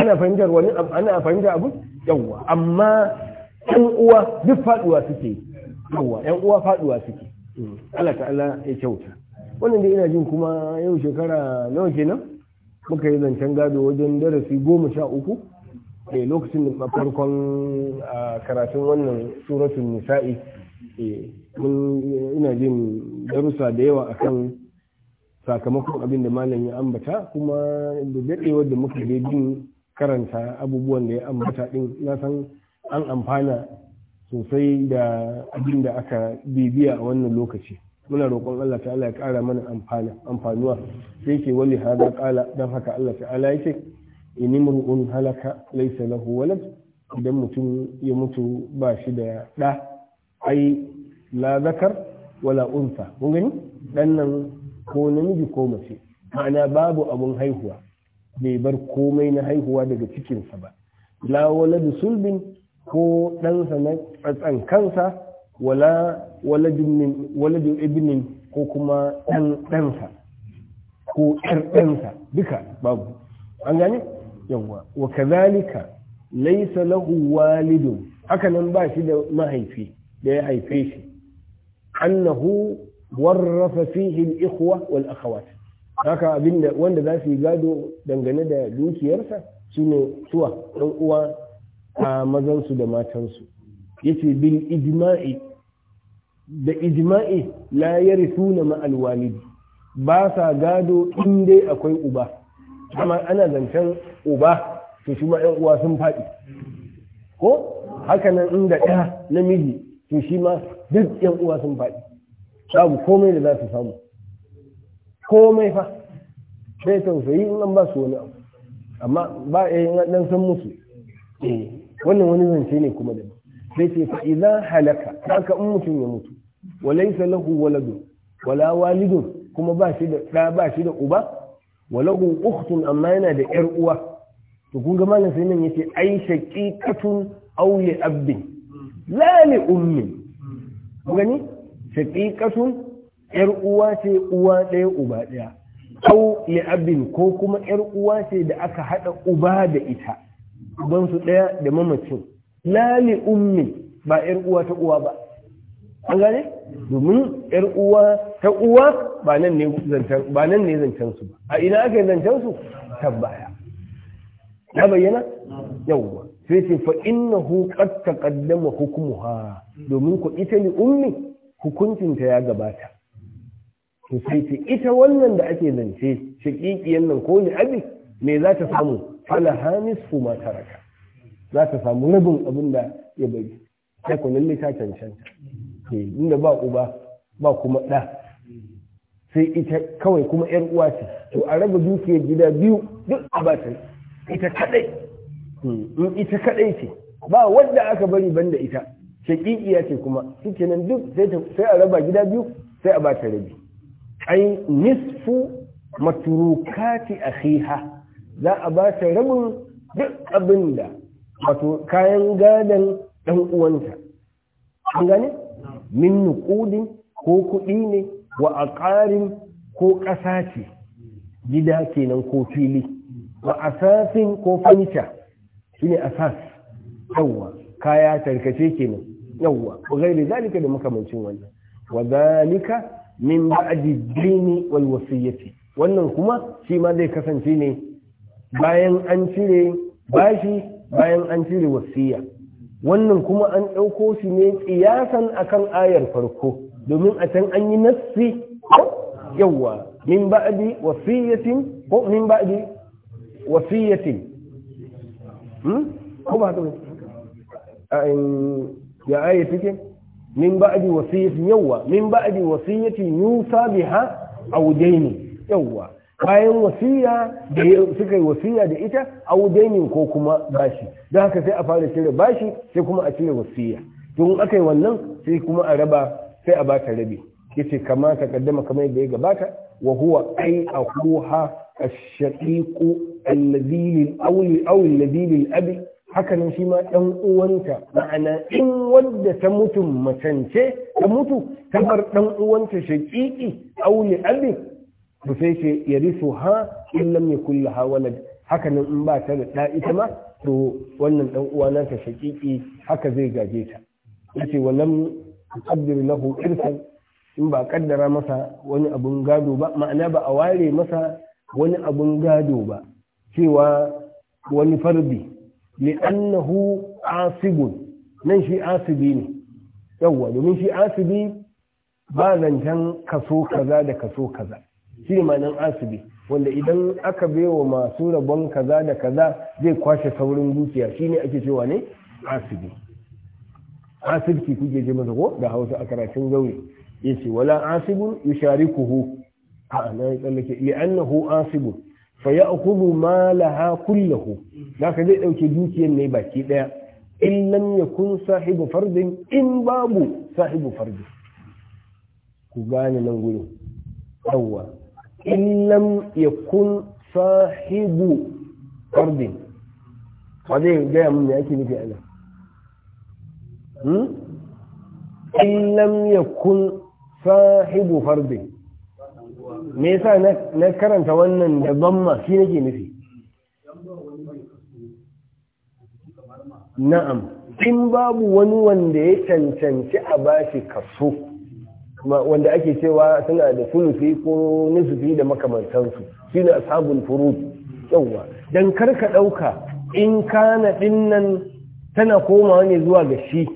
ana fahimtar wani ana fahimtar abu yawa amma yan uwa duk faduwa suke yawa yan uwa faduwa suke Allah ta'ala ya kyauta wannan dai ina jin kuma yau shekara nawa kenan muka yi zancen gado wajen darasi goma sha uku eh, lokacin da farkon karatun wannan suratun nisa'i eh, mun ina jin darussa da yawa akan sakamakon abin da malam ya ambata kuma da daɗewar da muka je bin karanta abubuwan da ya ambata ɗin na san an amfana sosai da abin da aka bibiya a wannan lokaci muna roƙon Allah ta'ala ya ƙara mana amfana amfanuwa sai ke wani hada ƙala don haka Allah ta'ala ya ce in imru'un halaka laisa lahu walad idan mutum ya mutu ba shi da ɗa ai la zakar wala unsa kun gani dan nan ko namiji ko mace ma'ana babu abun haihuwa bai bar komai na haihuwa daga cikinsa ba la da sulbin ko ɗansa na tsatsan kansa wala waladun ibnin ko kuma ɗan ɗansa ko ƴar ɗansa duka babu an gane yawwa wa kazalika laysa lahu walidun haka nan ba shi da mahaifi da ya haife shi annahu warrafa fihi al-ikhwa wal akhawat haka abin da wanda za su yi gado dangane da dukiyarsa shine suwa ɗan uwa a mazansu da matansu yace bil ijma'i da ijma'i la yarithuna ma alwalidi ba sa gado in dai akwai uba amma ana zancen uba to shi ma uwa sun faɗi ko hakanan inda ɗaya namiji to shi ma duk ɗan uwa sun faɗi babu komai da za su samu komai fa sai tausayi in an ba su wani abu amma ba a eh, yi ɗan san musu eh wannan wani zance ne kuma da sai ce fa idan halaka haka in mutum ya mutu wa laisa lahu waladun wala walidun kuma ba shi da ɗa ba shi da uba wa lahu ukhtun amma yana da yar uwa to kun ga malam sai nan yace ai shaqiqatun aw li abdin la li ummin gani shaqiqatun yar uwa ce uwa ɗaya uba ɗaya au abin ko kuma yar uwa ce da aka haɗa uba da ita don su ɗaya da mamacin la li ummi ba yar uwa ta uwa ba an gane domin yar uwa ta uwa ba nan ne zancen ba nan ne zancen su a ina aka yi zancen su tabbaya na bayyana yawwa sai ce fa innahu qad taqaddama hukmuha domin ko ita li ummi hukuncinta ya gabata to sai ce ita wannan da ake zance shaƙiƙiyan nan ko ni abin? me za ta samu Alhamis hamis su ma taraka za ta samu rabin abin da ya bari sai ku lalle ta cancanta eh, inda ba uba ba kuma ɗa sai ita kawai kuma yar uwa ce to a raba dukiyar gida biyu duk a ta ita kadai hmm, in ita kadai ce ba wanda aka bari banda ita shaƙiƙiya ce kuma nan duk sai a raba gida biyu sai a bata rabi ai nisfu maturukati akhiha za a ba ta rabin duk abin da wato kayan gadon ɗan uwanta an gane min nuqudin ko kuɗi ne wa aqarin ko ƙasa ce gida kenan ko fili wa asasin ko fanita shine asas yawwa kaya tarkace kenan yawwa wa gairi zalika da makamancin wannan wa zalika min ba'di dini wal wasiyyati wannan kuma shi ma zai kasance ne bayan an cire bashi bayan an cire wasiya wannan kuma an ɗauko shi ne tsiyasan akan ayar farko domin a can an yi nassi yawwa min ba'di wasiyyatin ko min ba'di wasiyyatin hmm ko ba haka ba ya ayi take min ba'di wasiyatin yawwa min ba'di wasiyatin yusa biha aw daini yawwa bayan wasiya da suka yi wasiya da ita a wudanin ko kuma bashi don haka sai a fara cire bashi sai kuma a cire wasiya tun aka yi wannan sai kuma a raba sai a bata rabi yace kama ta kaddama kamar yadda ya gabata wa huwa ai akuha a الذي للأول أو الذي a'bi. hakanan shi ma ɗan uwanta ma'ana in wanda ta mutu macance ta mutu ta bar ɗan uwanta shaƙiƙi auli abin da sai ce ya risu ha in ya kulle laha walad hakanan in ba ta da ɗa ita ma to wannan ɗan uwa ta shaƙiƙi haka zai gaje ta ce wa lam tuqaddir lahu irsan in ba kaddara masa wani abun gado ba ma'ana ba a ware masa wani abun gado ba cewa wani farbi li'annahu asibun nan shi asibi ne yawwa domin shi asibi ba zancen kaso kaza da kaso kaza shi ne asibi wanda idan aka baiwa masu rabon kaza da kaza zai kwashe saurin dukiya shine ake cewa ne asibi asibci kuke ce masa ko da hausa a karatun zaure yace wala asibun yushariku a nan tsallake li'annahu asibun فياخذ مالها كله لكن زي دوكي دوكيين ان لم يكن صاحب فرد ان باب صاحب فرد كغاني لنغولو اوا ان لم يكن صاحب فرد هذه جاي من ياكي نفي انا ان لم يكن صاحب فرد ان me yasa na karanta wannan da bamma shi nake nufi na'am in babu wani wanda ya cancanci a bashi kaso wanda ake cewa suna da sulufi ko nufi da makamantansu shi ne ashabul furu yauwa ka karka dauka in kana dinnan tana komawa ne zuwa ga shi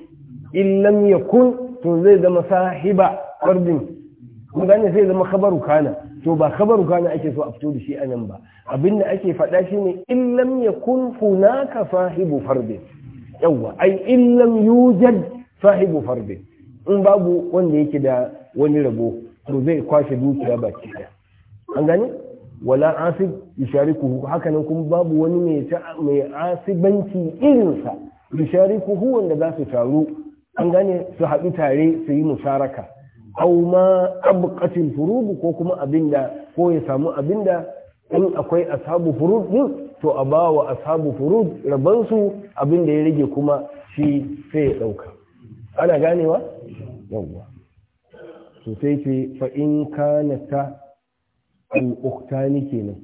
in lam yakun to zai zama sahiba qardin kun gane sai zama kabaru kana to ba kabar kana ake so a fito da shi anan ba Abin da ake faɗa shi ne in lam yakun hunaka sahibu fardin yawa ai in lam yujad sahibu fardin in babu wanda yake da wani rabo to zai kwashe dukiya baki ɗaya an gane wala asib yushariku haka nan kuma babu wani mai mai asibanci irinsa yushariku wanda za su taru an gane su haɗu tare su yi musharaka au ma abqatil furud ko kuma abinda ko ya samu abinda in akwai ashabu furud din to a bawa ashabu furud raban su abinda ya rage kuma shi sai ya dauka ana ganewa yawwa to sai ce fa in kana ta al kenan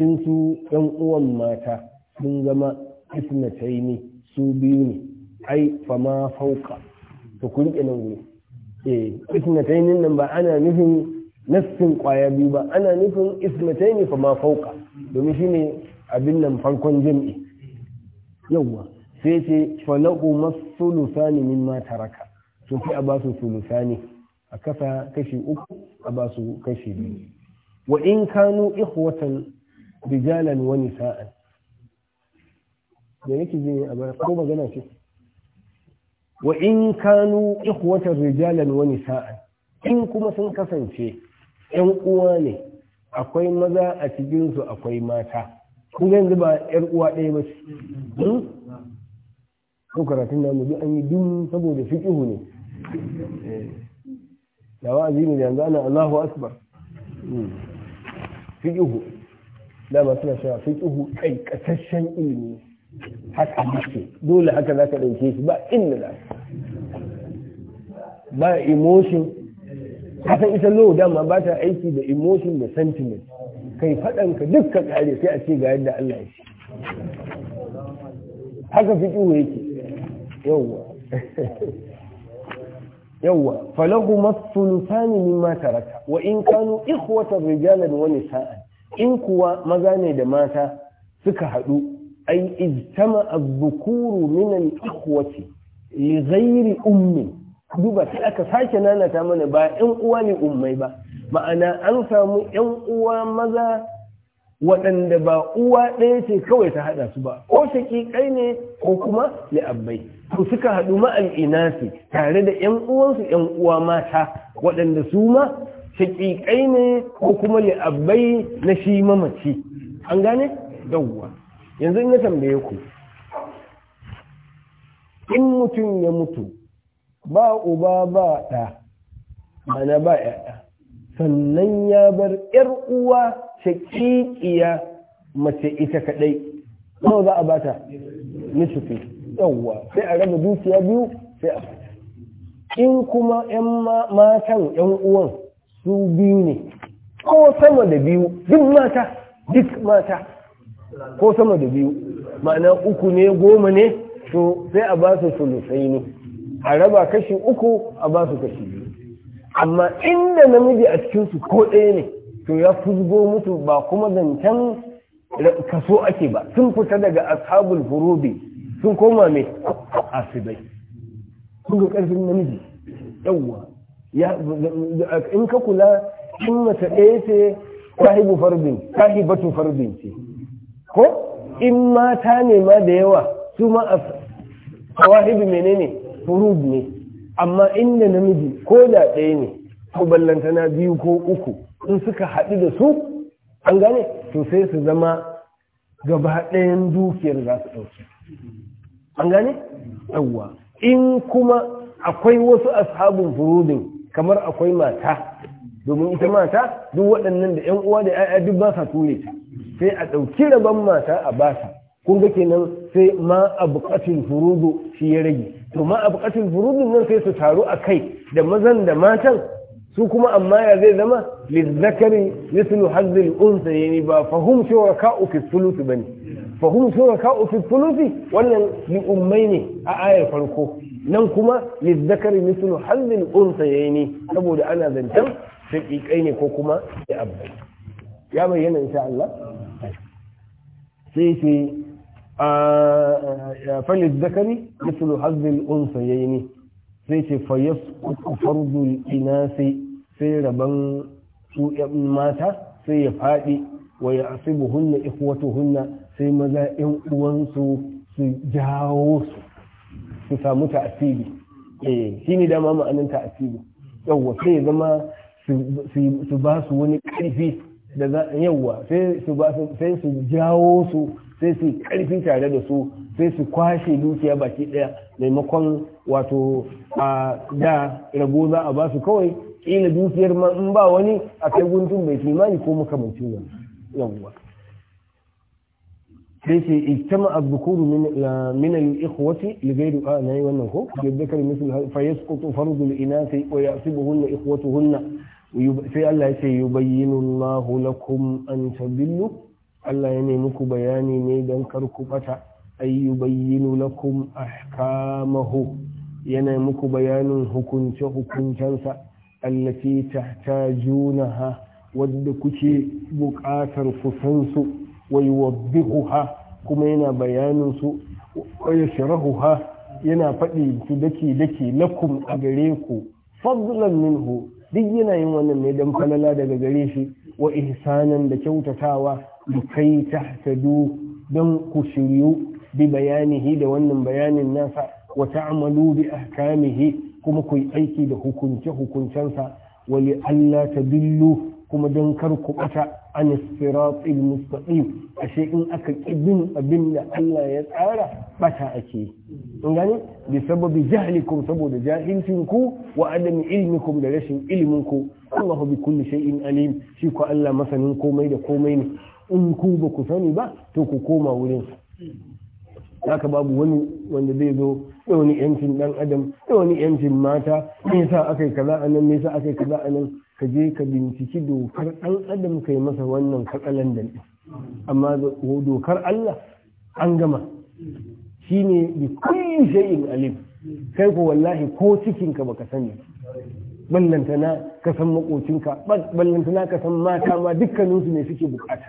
in su yan uwan mata sun zama isnataini su biyu ne ai fa ma fauka to ku nan eh nan ba ana nufin nassin kwaya biyu ba ana nufin isnatayn fa ma fauka domin shine abin nan farkon jami'i yawwa sai ce falahu masulusani mimma taraka sun fi a ba su sulusani a kasa kashi uku a ba su kashi biyu wa in kanu ikhwatan rijalan wa nisa'an da yake jini a bara ko magana ce wa in kanu ikhwatar rijalan wa nisa'an in kuma sun kasance ƴan uwa ne akwai maza a cikin su akwai mata kun yanzu ba yar uwa ɗaya ba ce hmm? ko karatun da mu an yi dun saboda fiqhu ne da wa'azi ne da yanzu ana Allahu akbar hmm. fiqhu da ba suna cewa fiqhu kai kasashen ilimi haka yake dole haka za ka ɗauke shi ba inda za ba emotion haka ita low dama ba ta aiki da emotion da sentiment kai faɗanka ka dukkan ƙare sai a ce ga yadda Allah ya shi haka fi ƙiwo yake yawwa yawwa falahu masulusani ma taraka wa in kanu ikhwatan rijalan wa nisa'an in kuwa maza ne da mata suka haɗu أي اجتمع الذكور Minan الإخوة لغير أم duba sai aka sake nanata mana ba ‘yan uwa ne ummai ba ma'ana an samu ‘yan uwa maza waɗanda ba uwa ɗaya ce kawai ta haɗa su ba ko shaƙiƙai ne ko kuma li'abbai su suka haɗu ma'al'inasi tare da ‘yan uwansu ‘yan uwa mata waɗanda su ma shaƙiƙai ne ko kuma li'abbai na shi mamaci an gane yawwa yanzu ya tambaye ku in mutum ya mutu ba uba ba ɗa mana ba ‘ya'ya sannan ya bar ‘yar uwa kikiya mace ita kaɗai nawa za a bata nisufi yawwa sai a raba dukiya biyu sai a in kuma ‘yan matan ‘yan uwan su biyu ne ko sama da biyu duk mata duk mata ko sama da biyu ma'ana uku ne goma ne to sai a ba su sulusai ne a raba kashi uku a ba su kashi biyu amma inda namiji a cikinsu ko ɗaya ne to ya fuzgo musu ba kuma zancen kaso ake ba sun fita daga ashabul furubi sun koma mai asibai sun ga ƙarfin namiji yawwa in ka kula in mace ɗaya ce sahibu sahibatu farbin ce ko in mata ne ma da yawa su ma a kawahibi menene furud ne amma inda namiji ko da ɗaya ne ko ballantana biyu ko uku in suka haɗu da su an gane to sai su zama gaba ɗayan dukiyar za su ɗauki an gane yawwa in kuma akwai wasu ashabin furudin kamar akwai mata domin ita mata duk waɗannan da 'yan uwa da 'ya'ya duk ba sa ture ta sai a ɗauki rabon mata a basa kun ga kenan sai ma abuƙatul furudu shi ya rage to ma abuƙatul furudu nan sai su taru a kai da mazan da matan su kuma amma ya zai zama lizzakari mislu hazzil unsa yani ba fahum shuraka'u fi ba bane fahum ka fi thuluth wannan li ummai ne a ayar farko nan kuma lizzakari mislu hazzil unsa yani saboda ana zancen shaƙiƙai ne ko kuma ya abbai ya bayyana insha Allah sai ce falil zakari mislu hazzil unsayaini sai ce fa yasqutu fardul inasi sai raban su mata sai ya fadi wa ya'sibuhunna ikhwatuhunna sai maza yan uwansu su jawo su su samu ta'asiri eh shine dama ma'anin ta'asiri yawa sai zama su ba su wani ƙarfi. da sai su jawo su sai su karfi tare da su sai su kwashe dukiya baki daya maimakon wato a da rago za a ba kawai kila dukiyar ma in ba wani a kai guntun bai kimani ko makamancin wani yawwa sai ce ijtama az-zukuru min al-ikhwati li ghayri ah, yi wannan ko yadhkar misl fa yasqutu fardu al-inasi wa yasibuhunna ikhwatuhunna sai Allah ya ce yubayyinu Allahu lakum an tabillu Allah ya nemi ku bayani ne don kar ku bata ay yubayyinu lakum ahkamahu yana muku bayanin hukunce hukuncensa allati tahtajunaha wadda kuke buƙatar su, wai waddihuha kuma yana bayanin su wai sharahuha yana faɗi daki-daki lakum a gare ku fadlan minhu duk yana yin wannan ne don falala daga gare shi wa ihsanan da kyautatawa da kai ta hasadu don ku shiryu bi bayanihi da wannan bayanin nasa wa ta'amalu bi ahkamihi kuma ku yi aiki da hukunce hukuncensa wali Allah ta kuma don kar ku bata an siratil mustaqim ashe in aka kibin abin da Allah ya tsara bata ake in gani bi sababi jahlikum saboda jahilcin ku wa adam ilmikum da rashin ilimin ku Allah bi kulli shay'in alim shi ko Allah masanin komai da komai ne in ku ba ku sani ba to ku koma wurin sa haka babu wani wanda zai zo da wani yancin dan adam da wani yancin mata me yasa akai kaza anan me yasa akai kaza anan ka je ka binciki dokar ɗan adam kai masa wannan katsalandan ɗin amma dokar Allah an gama shi ne bi kulli shay'in alim kai ko wallahi ko cikinka baka sani ballantana ka san makocinka ballantana ka san mata ma dukkaninsu ne suke bukata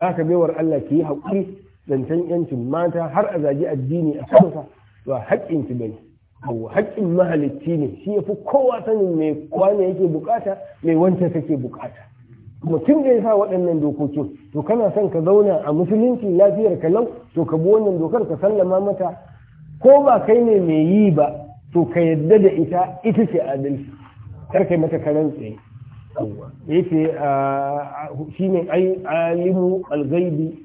aka baiwar Allah ki yi hakuri zancen yancin mata har a zaji addini a kansa ba haƙƙinki bane haƙƙin mahalicci ne shi ya fi kowa sanin mai kwana yake bukata mai wancan kake bukata mutum da ya sa waɗannan dokokin to kana son ka zauna a musulunci lafiyar ka lau to ka bi wannan dokar ka sallama mata ko ba kai ne mai yi ba to ka yadda da ita ita ce adalci kar kai mata karen tsaye yace shine ai alimu algaibi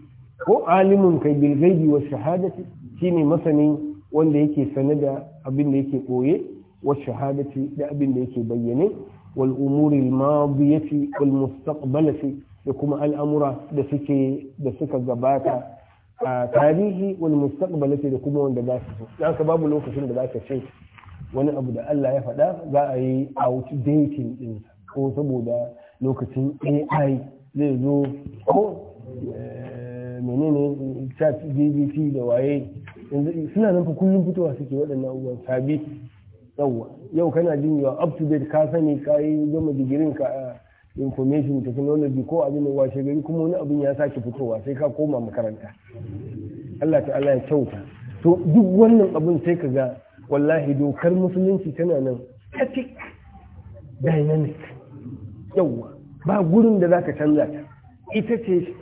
ko alimun kai bilgaibi wa shahadati shi shine masanin wanda yake sane da abin da yake koye wa shahadati da abin da yake bayyane wal umuri al-madiyati wal mustaqbalati da kuma al'amura da suke da suka gabata a tarihi wal mustaqbalati da kuma wanda za su zo ka babu lokacin da za ka ce wani abu da Allah ya faɗa za a yi outdating din ko saboda lokacin AI zai zo ko eh, menene chat gbt da waye yanzu suna nan fa kullum fitowa suke waɗannan abubuwan sabi yawa yau kana jin yawa up to date ka sani ka yi gama digirin ka a uh, information technology ko abin da washe gari kuma wani abin ya sake fitowa sai ka koma makaranta Allah ta Allah ya kyauta to duk wannan abin sai ka ga wallahi dokar musulunci tana nan static dynamic yawa ba gurin da zaka canza ta ita ce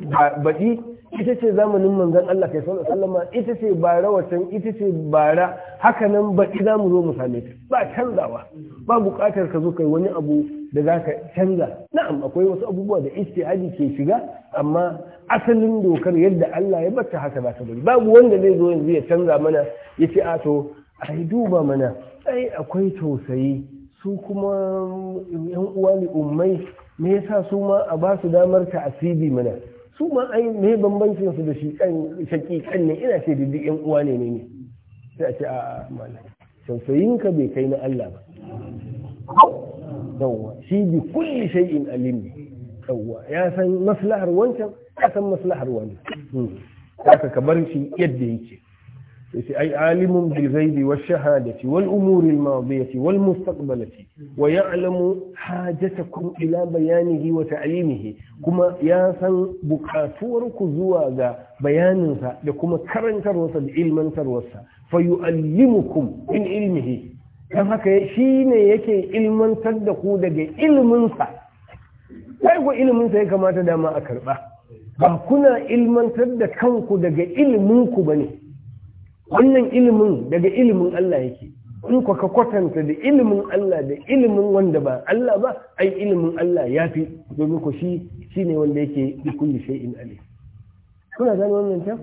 baɗi ita ce zamanin manzon Allah kai sallallahu wasallam ita ce bara wacan ita ce bara haka nan baki za mu zo mu same ta ba canzawa ba bukatar ka zo kai wani abu da za ka canza na'am akwai wasu abubuwa da istihadi ke shiga amma asalin dokar yadda Allah ya bata haka ba ta bari babu wanda zai zo yanzu ya canza mana ya ce ato ai duba mana ai akwai tausayi su kuma yan uwa ne ummai me yasa su ma a ba su damar ta asibi mana su ma ai me bambancin su da shi kan shaki kan ne ina ce da yan uwa ne ne sai a ce a malam tausayin ka bai kai na Allah ba yawwa shi bi kulli shay'in alim ne ya san maslahar wancan ya san maslahar wani hmm. haka ka bar shi yadda yake yace ai alimun bil ghaibi wash shahadati wal umuri al madiyati wal mustaqbalati wa ya'lamu hajatakum ila bayanihi wa ta'limihi kuma ya san bukatuwarku zuwa ga bayaninsa da kuma sa da ilmantarwarsa fa yu'allimukum in ilmihi dan haka shi ne yake ilmantar da ku daga ilminsa sai ku ilminsa ya kamata dama a karba ba kuna ilmantar da kanku daga ilminku bane wannan ilimin daga ilimin Allah yake in ka kwatanta da ilimin Allah da ilimin wanda ba Allah ba ai ilimin Allah ya fi domin ku shi shine wanda yake bi kulli shay'in alim kuna gani wannan ta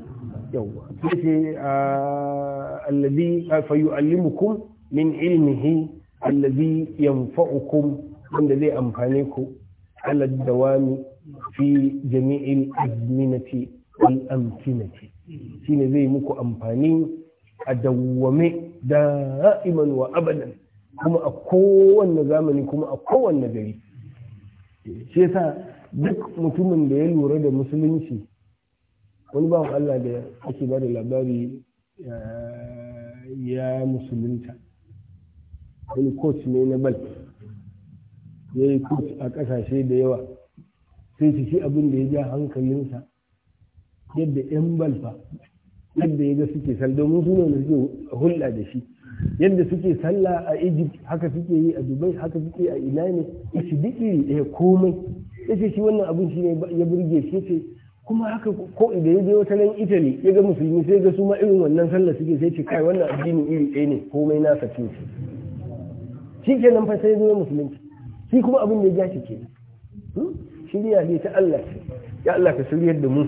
yawa yace ah, alladhi ah, fa yu'allimukum min ilmihi alladhi yanfa'ukum wanda zai amfane ku ala dawami fi jami'il azminati wal amkinati Shi ne zai muku amfani a dawwame da da'iman wa abadan kuma a kowanne zamani kuma a kowanne gari shi yasa duk mutumin da ya lura da musulunci wani ba Allah da ake ba da labari eh, ya musulunta wani coach ne na bal ya yi coach a ƙasashe da yawa sai shi abin da ya ja hankalinsa yadda yan balfa yadda ya ga suke sallah domin su ne suke hulɗa da shi yadda suke sallah a egypt haka suke yi a dubai haka suke a ina ne ya shi duk iri ɗaya komai ya ce shi wannan abin shi ne ya burge shi ce kuma haka ko da ya je wata nan italy ya ga musulmi sai ga su ma irin wannan sallah suke sai ce kai wannan addinin iri ɗaya ne komai na sace shi shi ke nan fa sai zo musulunci shi kuma abin da ya ja shi ke hmm? shirya ne ta Allah ya Allah ka shiryar da mu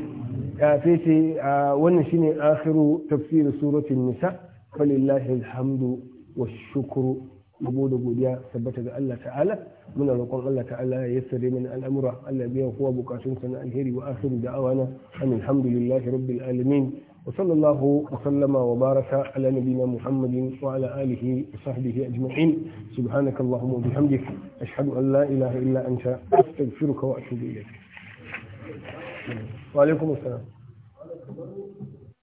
sai ce wannan shine akhiru tafsir suratul nisa falillahi alhamdu washukru yabo da godiya tabbata ga Allah ta'ala muna roƙon Allah ta'ala ya yassare mana al'amura Allah biya kowa bukatun sa na alheri wa akhiru da'awana alhamdulillahi rabbil alamin wa sallallahu wa sallama wa baraka ala nabiyyina muhammadin wa ala alihi wa sahbihi ajma'in subhanaka allahumma wa bihamdik ashhadu an la ilaha illa anta astaghfiruka wa atubu ilayk Valeu, alaikum assalam.